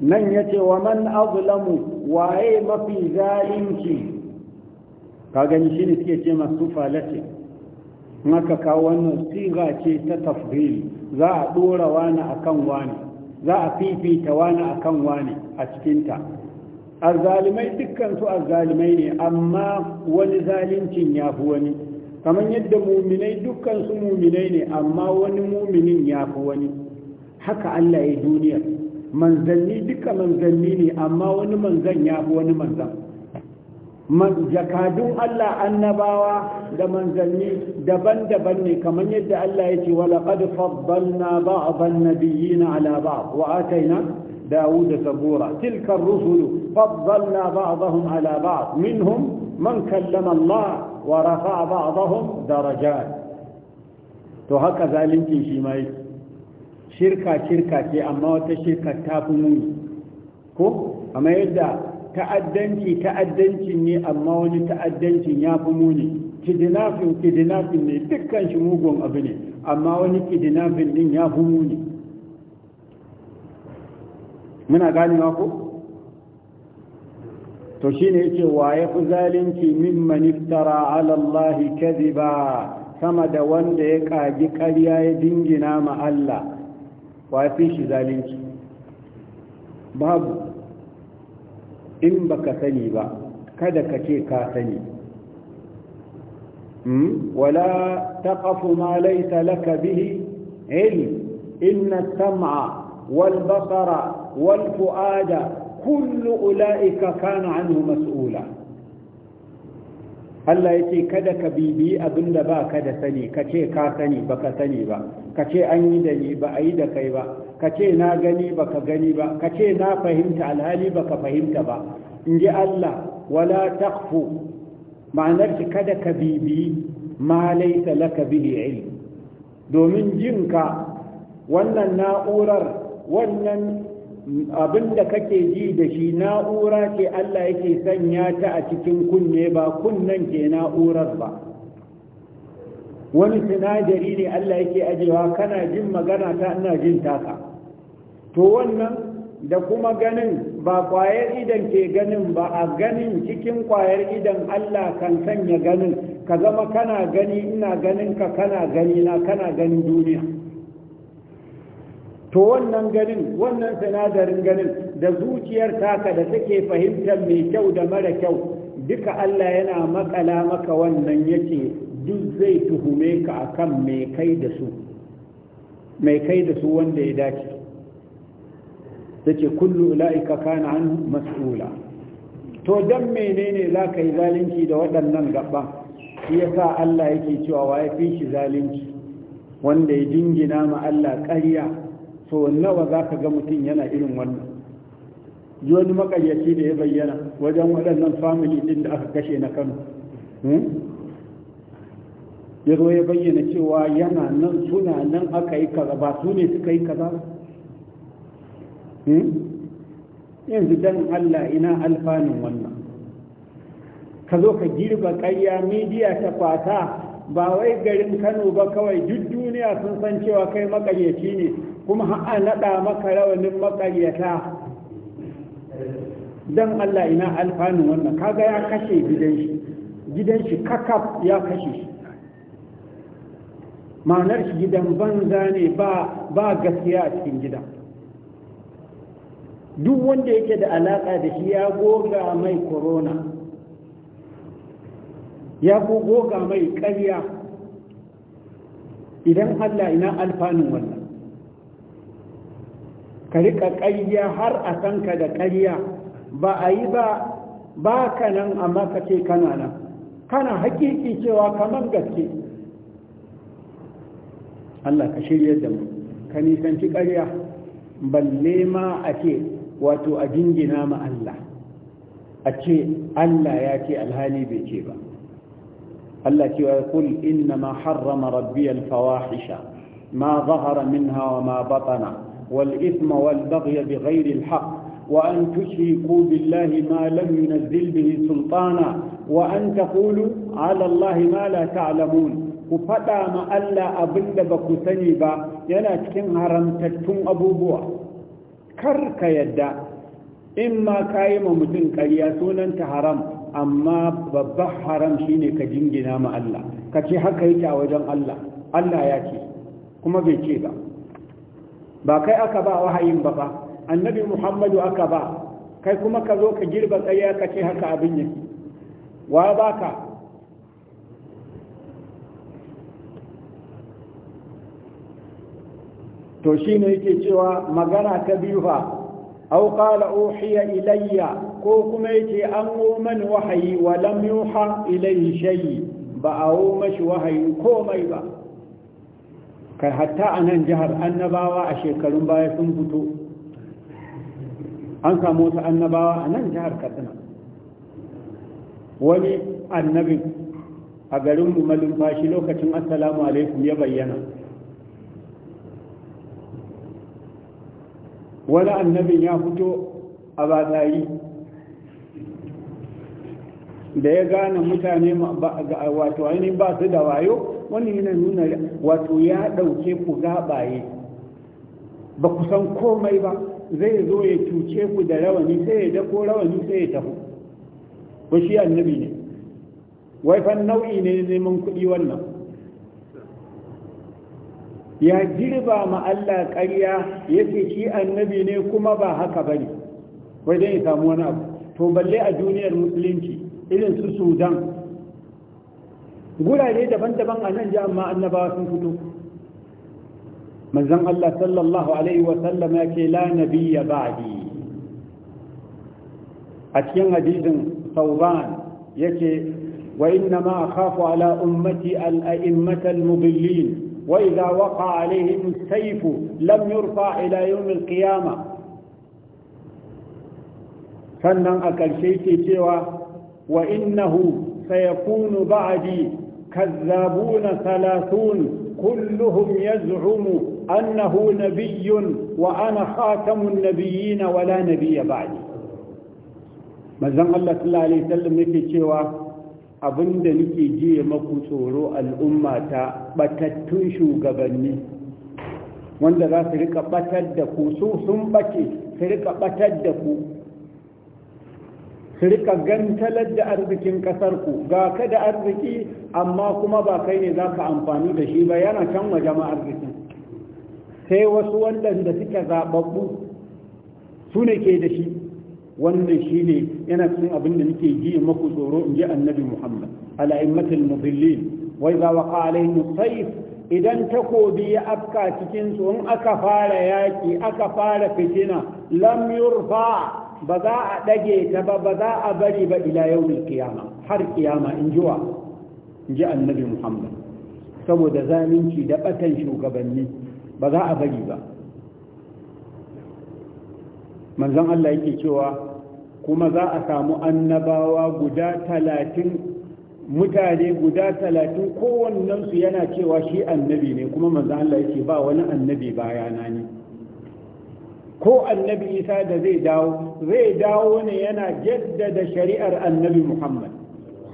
nan ya ce wa man azlamu waye mafi zalunci ka gani shi ne suke ce masu falace maka kawo wannan siga ce ta tafdil za a ɗora wani akan wani za a fifita wani kan wani a cikinta azzalimai dukkan su azzalimai ne amma wani zalincin ya fi wani kamar yadda muminai dukkan su muminai ne amma wani muminin ya fi wani haka Allah ya duniyar manzanni duka manzanni ne amma wani manzan ya fi wani manzan jakadun Allah annabawa da manzanni daban-daban ne kamar yadda Allah ya ce walaƙad faddalna ba'dan nabiyina ala ba'd wa ataina داود زبورا تلك الرسل فضلنا بعضهم على بعض منهم من كلم الله ورفع بعضهم درجات to haka zalincin shi mai shirka shirka ce amma wata shirka ta fi muni ko amma yadda ta'addanci ta'addanci ne amma wani ta'addancin ya fi muni kidinafin kidinafin ne dukkan shi mugun abu ne amma wani kidinafin din ya fi muni muna ganewa ko to shine yake wa ya fi zalunci min iftara ala Allah kadhiba sama da wanda ya kagi ƙarya ya dingina ma Allah wa fi shi zalunci babu in baka sani ba kada ka ce ka sani hmm wala taqafu ma laysa laka bihi ilm inna sama wal basara wal fu'ada kullu ulaika kana anhu mas'ula Allah ya ce kada ka bibiyi abin da ba ka da sani ka ce ka sani ba ka sani ba ka ce an yi da ni ba a yi da kai ba ka ce na gani ba ka gani ba ka ce na fahimta alhali ba ka fahimta ba in ji Allah wala takfu ma'anar ki kada ka bibiyi ma laisa laka bihi ilm domin jinka wannan na'urar wannan abin da kake ji da shi na'ura ce Allah yake sanya ta a cikin kunne ba kunnen ke na'urar ba wani sinadari ne Allah yake ajewa kana jin magana ta ina jin taka to wannan da kuma ganin ba kwayar idan ke ganin ba a ganin cikin kwayar idan Allah kan sanya ganin ka zama kana gani ina ganin ka kana gani na kana ganin duniya to wannan ganin wannan sinadarin ganin da zuciyar taka da take fahimtar mai kyau da mara kyau duka Allah yana makala maka wannan yake duk zai tuhume ka akan mai kai da su mai kai da su wanda ya dace yace kullu ula'ika kana an mas'ula to dan menene za ka yi zalunci da waɗannan gaban shi yasa Allah yake cewa wa ya fi shi zalunci wanda ya jingina ma Allah ƙarya so nawa za ka ga mutum yana irin wannan wani makayyaci da ya bayyana wajen waɗannan famili ɗin da aka kashe na kano hmm? ya zo ya bayyana cewa yana nan suna nan aka yi kaza ba su ne suka yi kaza hmm? yanzu dan allah ina alfanin wannan ka zo ka girba ƙarya midiya ta kwata ba wai garin kano ba kawai duk duniya sun san cewa kai makayyaci ne kuma ha'a naɗa maka rawanin maƙaryata don Allah ina alfanun wannan kaga ya kashe gidan shi gidan shi kakaf ya kashe shi ma'anar shi gidan banza ne ba gaskiya a cikin gidan. duk wanda yake da alaƙa da shi ya goga mai corona ya goga mai ƙarya idan Allah ina alfanun wannan ka riƙa ƙarya har a san da ƙarya ba a yi ba ba ka nan amma ka ce kana nan kana hakiki cewa kamar gaske Allah ka shirya da mu ka nisanci ƙarya balle ma a ce wato a jingina ma Allah a ce Allah ya ce alhali bai ce ba Allah ce wa kul inna ma harrama rabbiyal fawahisha ma zahara minha wa ma batana والإثم والبغي بغير الحق وأن تشركوا بالله ما لم ينزل به سلطانا وأن تقولوا على الله ما لا تعلمون كفتا ما ألا أبل بكسني با يلا تكن هرمتتم أبو بوا كرك يدا إما كايم متن كرياسون أنت هرم أما ببح هرم شيني كجنجنا ما ألا كتي حكيت أوجن ألا ألا ياتي كما بيتي با ba kai aka ba wahayin ba ba annabi muhammadu aka ba kai kuma ka zo ka girba tsaya ka ce haka abin yake wa baka to shi ne yake cewa magana ta biyu fa au qala uhiya ilayya ko kuma yake an man wahayi wa lam yuha ilayhi shay ba a mashi wahayi komai ba kai hatta a nan jihar annabawa a shekarun baya sun fito an samu wasu annabawa a nan jihar katsina wani annabin a garin fashi lokacin assalamu alaikum ya bayyana wani annabin ya fito a batsari da ya gane mutane wato ainihin ba su da wayo wannan yana nuna wato ya ɗauke ku gabaye ba ku san komai ba zai zo ya cuce ku da rawani sai ya dako rawani sai ya tafi ko shi annabi ne wai fa nau'i ne neman kuɗi wannan ya girba ma Allah ƙarya yake shi annabi ne kuma ba haka bane wai dai ya samu wani abu to balle a duniyar musulunci irin su Sudan gurare daban-daban a nan jihar ma annabawa sun fito manzon Allah sallallahu alaihi wa sallam ya ce la nabiyya ba'di a cikin hadisin sauban yake wa inna ma akhafu ala ummati al-a'immata al-mudillin wa idha waqa alaihim as-sayf lam yurfa ila yawm al-qiyamah sannan a ƙarshe yake cewa wa innahu sayakunu ba'di كذابون ثلاثون كلهم يزعم أنه نبي وأنا خاتم النبيين ولا نبي بعد ما زم الله صلى الله عليه وسلم نكي شوى أبند نكي جي مكسورو الأمة بكتنشو قبني وانا ذا سرق بتدكو سوسم بكي سرق بتدكو sirka gantalar da arziki kasarku ga amma kuma ba kai ne za ka amfani da shi ba yana can wa jama'ar jikin sai wasu waɗanda suka zaɓaɓɓu su ne ke da shi wannan shi ne yana cikin abin da nake ji maku tsoro in ji annabi muhammad ala'immatul mudillin wai za wa ƙalayin saif idan takobi ya afka cikin su in aka fara yaki aka fara fitina lam yurfa ba za a dage ta ba ba za a bari ba ila yawmin kiyama har kiyama in ji annabi muhammad saboda zalunci da batan shugabanni ba za a bari ba manzon allah yake cewa kuma za a samu annabawa guda talatin mutane guda talatin kowannensu yana cewa shi annabi ne kuma manzon allah yake ba wani annabi bayana ne ko annabi isa da zai dawo zai dawo ne yana jaddada shari'ar annabi muhammad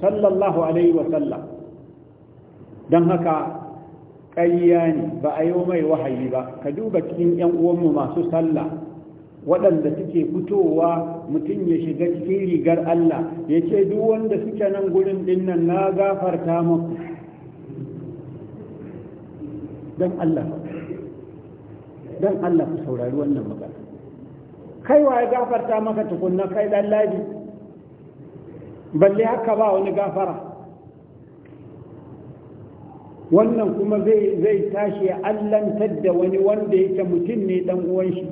sallallahu alaihi wasallam don haka ƙarya ne ba a yi mai wahayi ba ka duba cikin 'yan uwanmu masu sallah waɗanda suke fitowa mutum ya shiga cikin rigar Allah ya ce duk wanda suke nan gurin dinnan na gafarta muku don Allah don Allah ku saurari wannan magana kai wa ya gafarta maka tukunna kai ɗan ladi balle haka ba wani gafara wannan kuma zai tashi ya allantar da wani wanda yake mutum ne dan uwan shi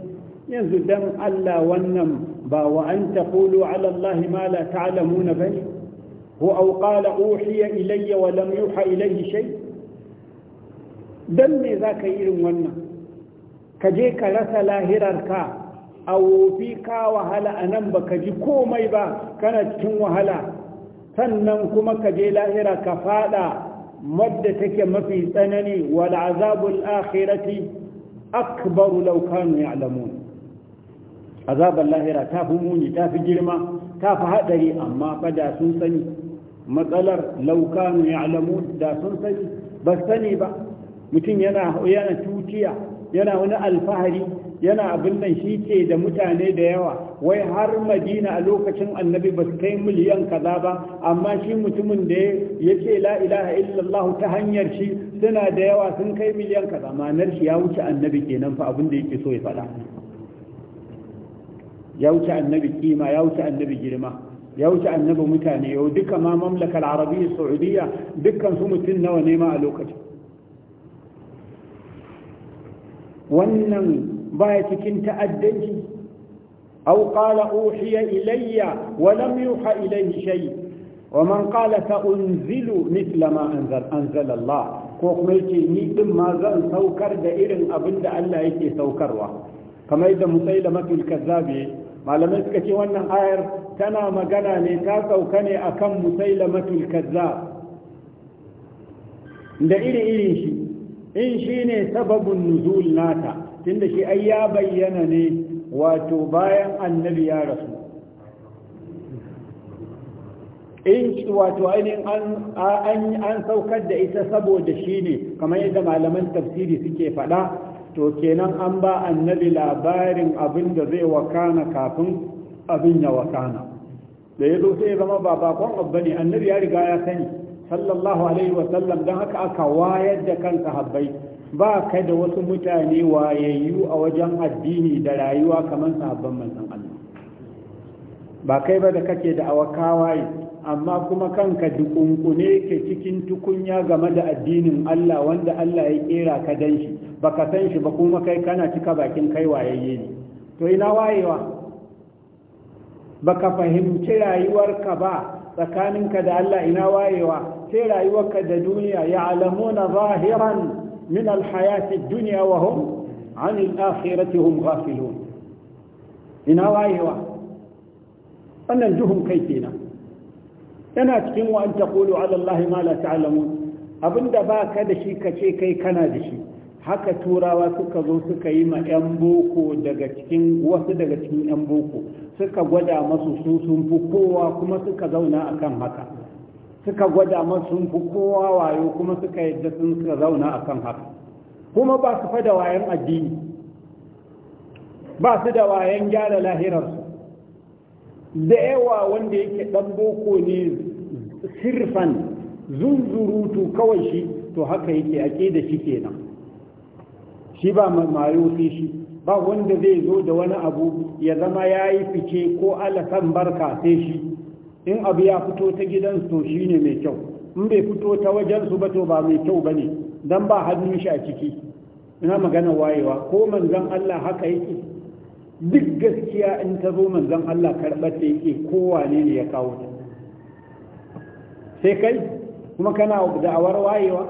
yanzu dan Allah wannan ba wa an taqulu ala Allah ma la ta'lamuna bane ko aw qala uhiya ilayya wa lam yuha ilayhi shay dan me zaka yi irin wannan ka je ka rasa lahirarka a wofi ka wahala a nan ba ka ji komai ba kana cikin wahala sannan kuma ka je lahira ka fada wadda take mafi tsanani wal azabul akhirati akbaru law kanu ya'lamun azabar lahira ta fi muni ta fi girma ta fi haɗari amma fa da sun sani matsalar laukanu ya da sun sani ba sani ba mutum yana yana tuciya yana wani alfahari yana abin nan shi ke da mutane da yawa wai har madina a lokacin annabi ba su kai miliyan kaza ba amma shi mutumin da ya ce la ilaha illallah ta hanyar shi suna da yawa sun kai miliyan kaza ma'anar shi ya wuce annabi kenan fa abin da yake so ya faɗa ya wuce annabi kima ya wuce annabi girma ya wuce annabi mutane yau duka ma mamlakar arabiyya saudiya dukkan su mutum nawa ne ma a lokacin wannan baya cikin ta'addanci aw qala uhiya ilayya wa lam yuha ilayhi shay wa man qala fa unzilu mithla ma anzal anzala Allah ko kuma yake ni din ma zan saukar da irin abin da Allah yake saukarwa kamar yadda musailama fil kazzabi malamai suka ce wannan ayar tana magana ne ta sauka ne akan musailama fil kazzab da iri irin shi in shi ne sababin nuzul nata tunda shi ai ya bayyana ne wato bayan annabi ya rasu in wato ainihin an saukar da ita saboda shi ne kamar yadda malaman tafsiri suke faɗa to kenan an ba annabi labarin abin da zai wakana kafin abin ya wakana da ya zo sai zama ba bakon abu ne annabi ya riga ya sani sallallahu alaihi wasallam don haka aka wayar da kan sahabbai ba ka da wasu mutane wayayyu a wajen addini da rayuwa kamar sahabban manzon Allah ba kai ba da kake da awakawaye amma kuma kanka dukunkune ke cikin tukunya game da addinin Allah wanda Allah ya kera ka dan shi baka san shi ba kuma kai kana cika bakin kai wayayye ne to ina wayewa baka fahimci rayuwarka ba tsakaninka da Allah ina wayewa sai rayuwarka da duniya ya alamuna zahiran من الحياة الدنيا وهم عن الآخرة هم غافلون ina wayewa wannan duhun kai kenan yana cikin wa an taqulu ala allahi ma la ta'lamun abinda da shi kace kai kana da shi haka turawa suka zo suka yi ma yan boko daga cikin wasu daga cikin yan boko suka gwada masu su sun kowa kuma suka zauna a kan haka suka gwada masu fi kowa wayo kuma suka yadda sun suka zauna a kan haka kuma ba su fada wayan addini ba su da wayan gyara lahirarsu da yawa wanda yake ɗan boko ne sirfan zunzurutu kawai shi to haka yake ake da shi kenan shi ba mayo sai shi ba wanda zai zo da wani abu ya zama ya yi fice ko alasan barka sai shi in abu ya fito ta gidansu to shine mai kyau in bai fito ta wajensu ba to ba mai kyau ba ne don ba hannun shi a ciki ina magana wayewa ko manzon Allah haka yake duk gaskiya in ta zo manzon Allah karɓar ta yake kowane ne ya kawo ta sai kai kuma kana da'awar wayewa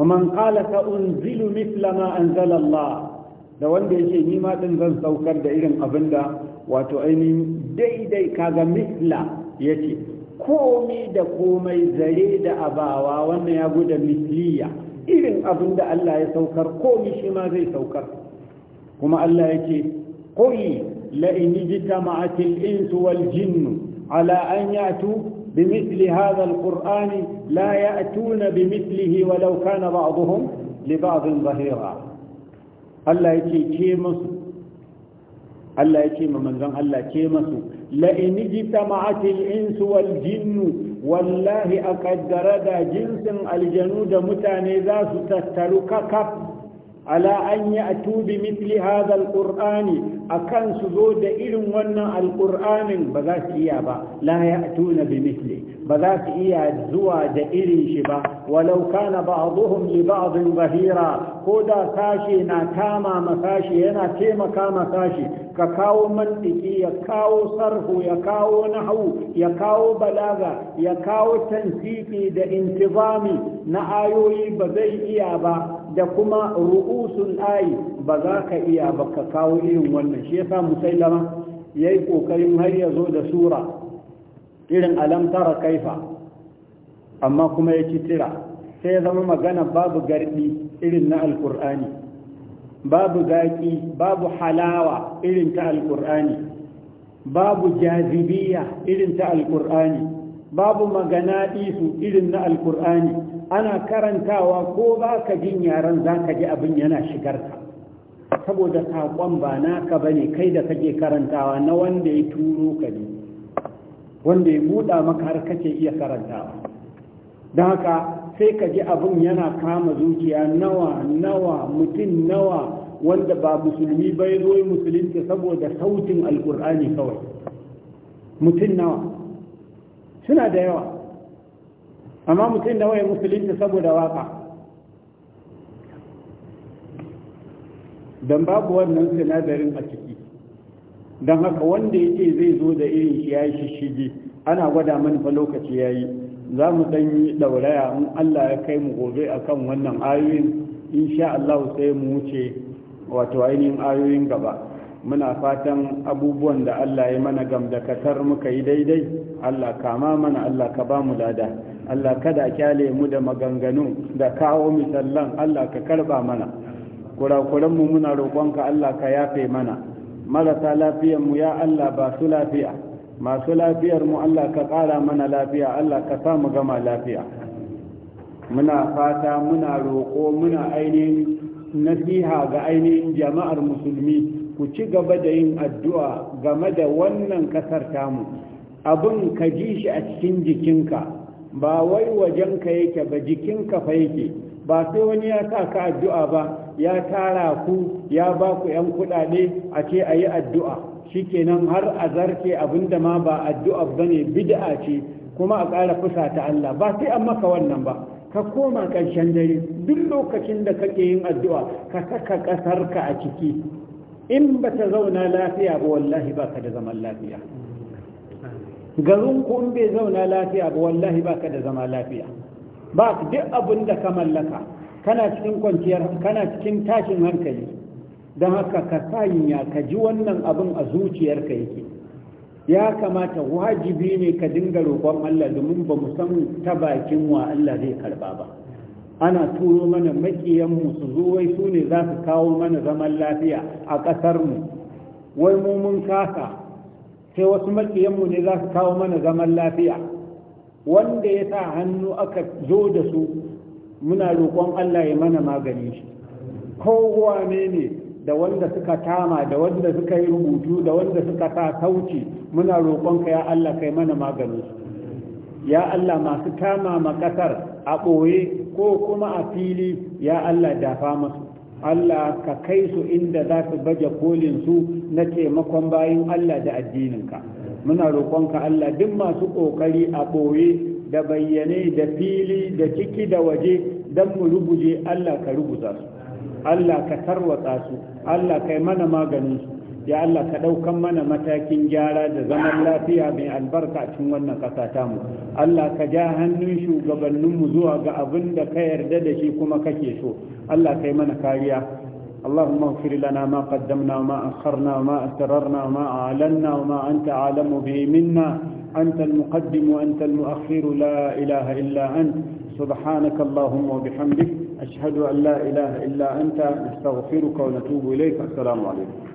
wa man qala ka unzilu mithla ma anzala Allah da wanda yake ni ma din zan saukar da irin abinda wato ainihin daidai kaga misla ya ce komi da komai zare da abawa wannan ya guda misliya irin abin da Allah ya saukar komi shi ma zai saukar kuma Allah ya ce ƙuri la'ini ji tama'atil insu wal jinnu ala an yatu بمثل هذا القرآن لا يأتون بمثله ولو كان بعضهم لبعض ظهيرا Allah ya ce musu Allah ya ce ma manzon Allah ce masu la'in jitama'atil insu wal jinnu wallahi a kaddara da jinsin aljanu da mutane za su tattaru kakaf ala an yi a tubi mitli hada alƙur'ani a kan su zo da irin wannan alƙur'anin ba za su iya ba la ya bi mitli ba za su iya zuwa da irin shi ba walau kana ba'dhum li ba'd zahira ko da sashi na kama masashi yana taimaka masashi ka kawo mantiki ya kawo sarhu ya kawo nahu, ya kawo balaga ya kawo tansiki da intizami na ayoyi ba zai iya ba da kuma ru'usul ayi ba za ka iya ba ka kawo irin wannan shi yasa musailama yayi kokarin har ya zo da sura irin alam tara kaifa amma kuma ya ci tira sai ya zama magana babu garbi irin na alkur'ani babu zaki babu halawa irin ta alkur'ani babu jazibiya irin ta alkur'ani babu magana isu irin na alkur'ani ana karantawa ko ba ka jin yaran za ka ji abin yana shigar ka saboda saƙon ba naka ba ne kai da kake karantawa na wanda ya turo ka ne wanda ya buɗa maka har kace iya karanta don haka sai ka ji abin yana kama zuciya nawa nawa mutum nawa wanda ba musulmi ba ya zo musulunci saboda sautin alkur'ani kawai mutum nawa suna da yawa amma mutum nawa ya musulunci saboda waka don babu wannan sinadarin a ciki don haka wanda ya ce zai zo da irin shi ya yi shishigi ana gwada mana fa lokaci ya yi za mu ɗan yi ɗauraya in allah ya kai mu gobe a kan wannan ayoyin sha allah sai mu wuce wato ainihin ayoyin gaba muna fatan abubuwan da allah ya mana gamdakatar muka yi daidai allah kama mana allah ka ba mu lada allah kada kyale mu da maganganu da kawo misallan allah ka karba mana kurakuranmu muna roƙonka allah ka yafe mana marasa lafiyar ya Allah ba su lafiya masu lafiyar mu Allah ka ƙara mana lafiya Allah ka sa mu gama lafiya muna fata muna roƙo muna ainihin nasiha ga ainihin jama'ar musulmi ku ci gaba da yin addu'a game da wannan ƙasar tamu abin ka ji shi a cikin jikinka ba wai wajenka yake ba jikinka fa yake ba sai wani ya sa ka addu'a ba ya tara ku ya ba ku 'yan kuɗaɗe a ce a yi addu'a shikenan har a zarce da ma ba addu'a ba ne bid'a ce kuma a ƙara fusa ta Allah ba sai an maka wannan ba ka koma ƙarshen dare duk lokacin da kake yin addu'a ka saka ƙasarka a ciki in ba ta zauna lafiya ba wallahi ba ka da zaman lafiya garin ku in bai zauna lafiya ba wallahi ba ka da zama lafiya ba duk abin da ka mallaka kana cikin kwanciyar kana cikin tashin hankali don haka ka sanya ka ji wannan abin a zuciyarka yake ya kamata wajibi ne ka dinga roƙon Allah domin ba mu san ta bakin wa Allah zai karba ba ana turo mana mu su zo wai su ne za su kawo mana zaman lafiya a ƙasarmu wai mu mun kasa sai wasu mu ne za su kawo mana zaman lafiya wanda ya sa hannu aka zo da su muna roƙon Allah ya mana magani shi kowa ne ne da wanda suka tama da wanda suka yi rubutu da wanda suka sa sauci muna ka ya Allah kai mana magani su ya Allah masu tama ma ƙasar a ɓoye ko kuma a fili ya Allah dafa masu Allah ka kai su inda za su baje kolin su na taimakon bayan Allah da addininka muna roƙonka Allah duk masu ƙoƙari a ɓoye da bayyane da fili da ciki da waje don mu rubuje Allah ka rubuta su Allah ka tarwatsa su Allah kai mana maganin su ya Allah ka ɗaukan mana matakin gyara da zaman lafiya mai albarka a cikin wannan ƙasa mu Allah ka ja hannun shugabanninmu zuwa ga abin da ka yarda da shi kuma kake so Allah kai mana kariya اللهم اغفر لنا ما قدمنا وما أخرنا وما أسررنا وما أعلنا وما أنت أعلم به منا أنت المقدم وأنت المؤخر لا إله إلا أنت سبحانك اللهم وبحمدك أشهد أن لا إله إلا أنت نستغفرك ونتوب إليك السلام عليكم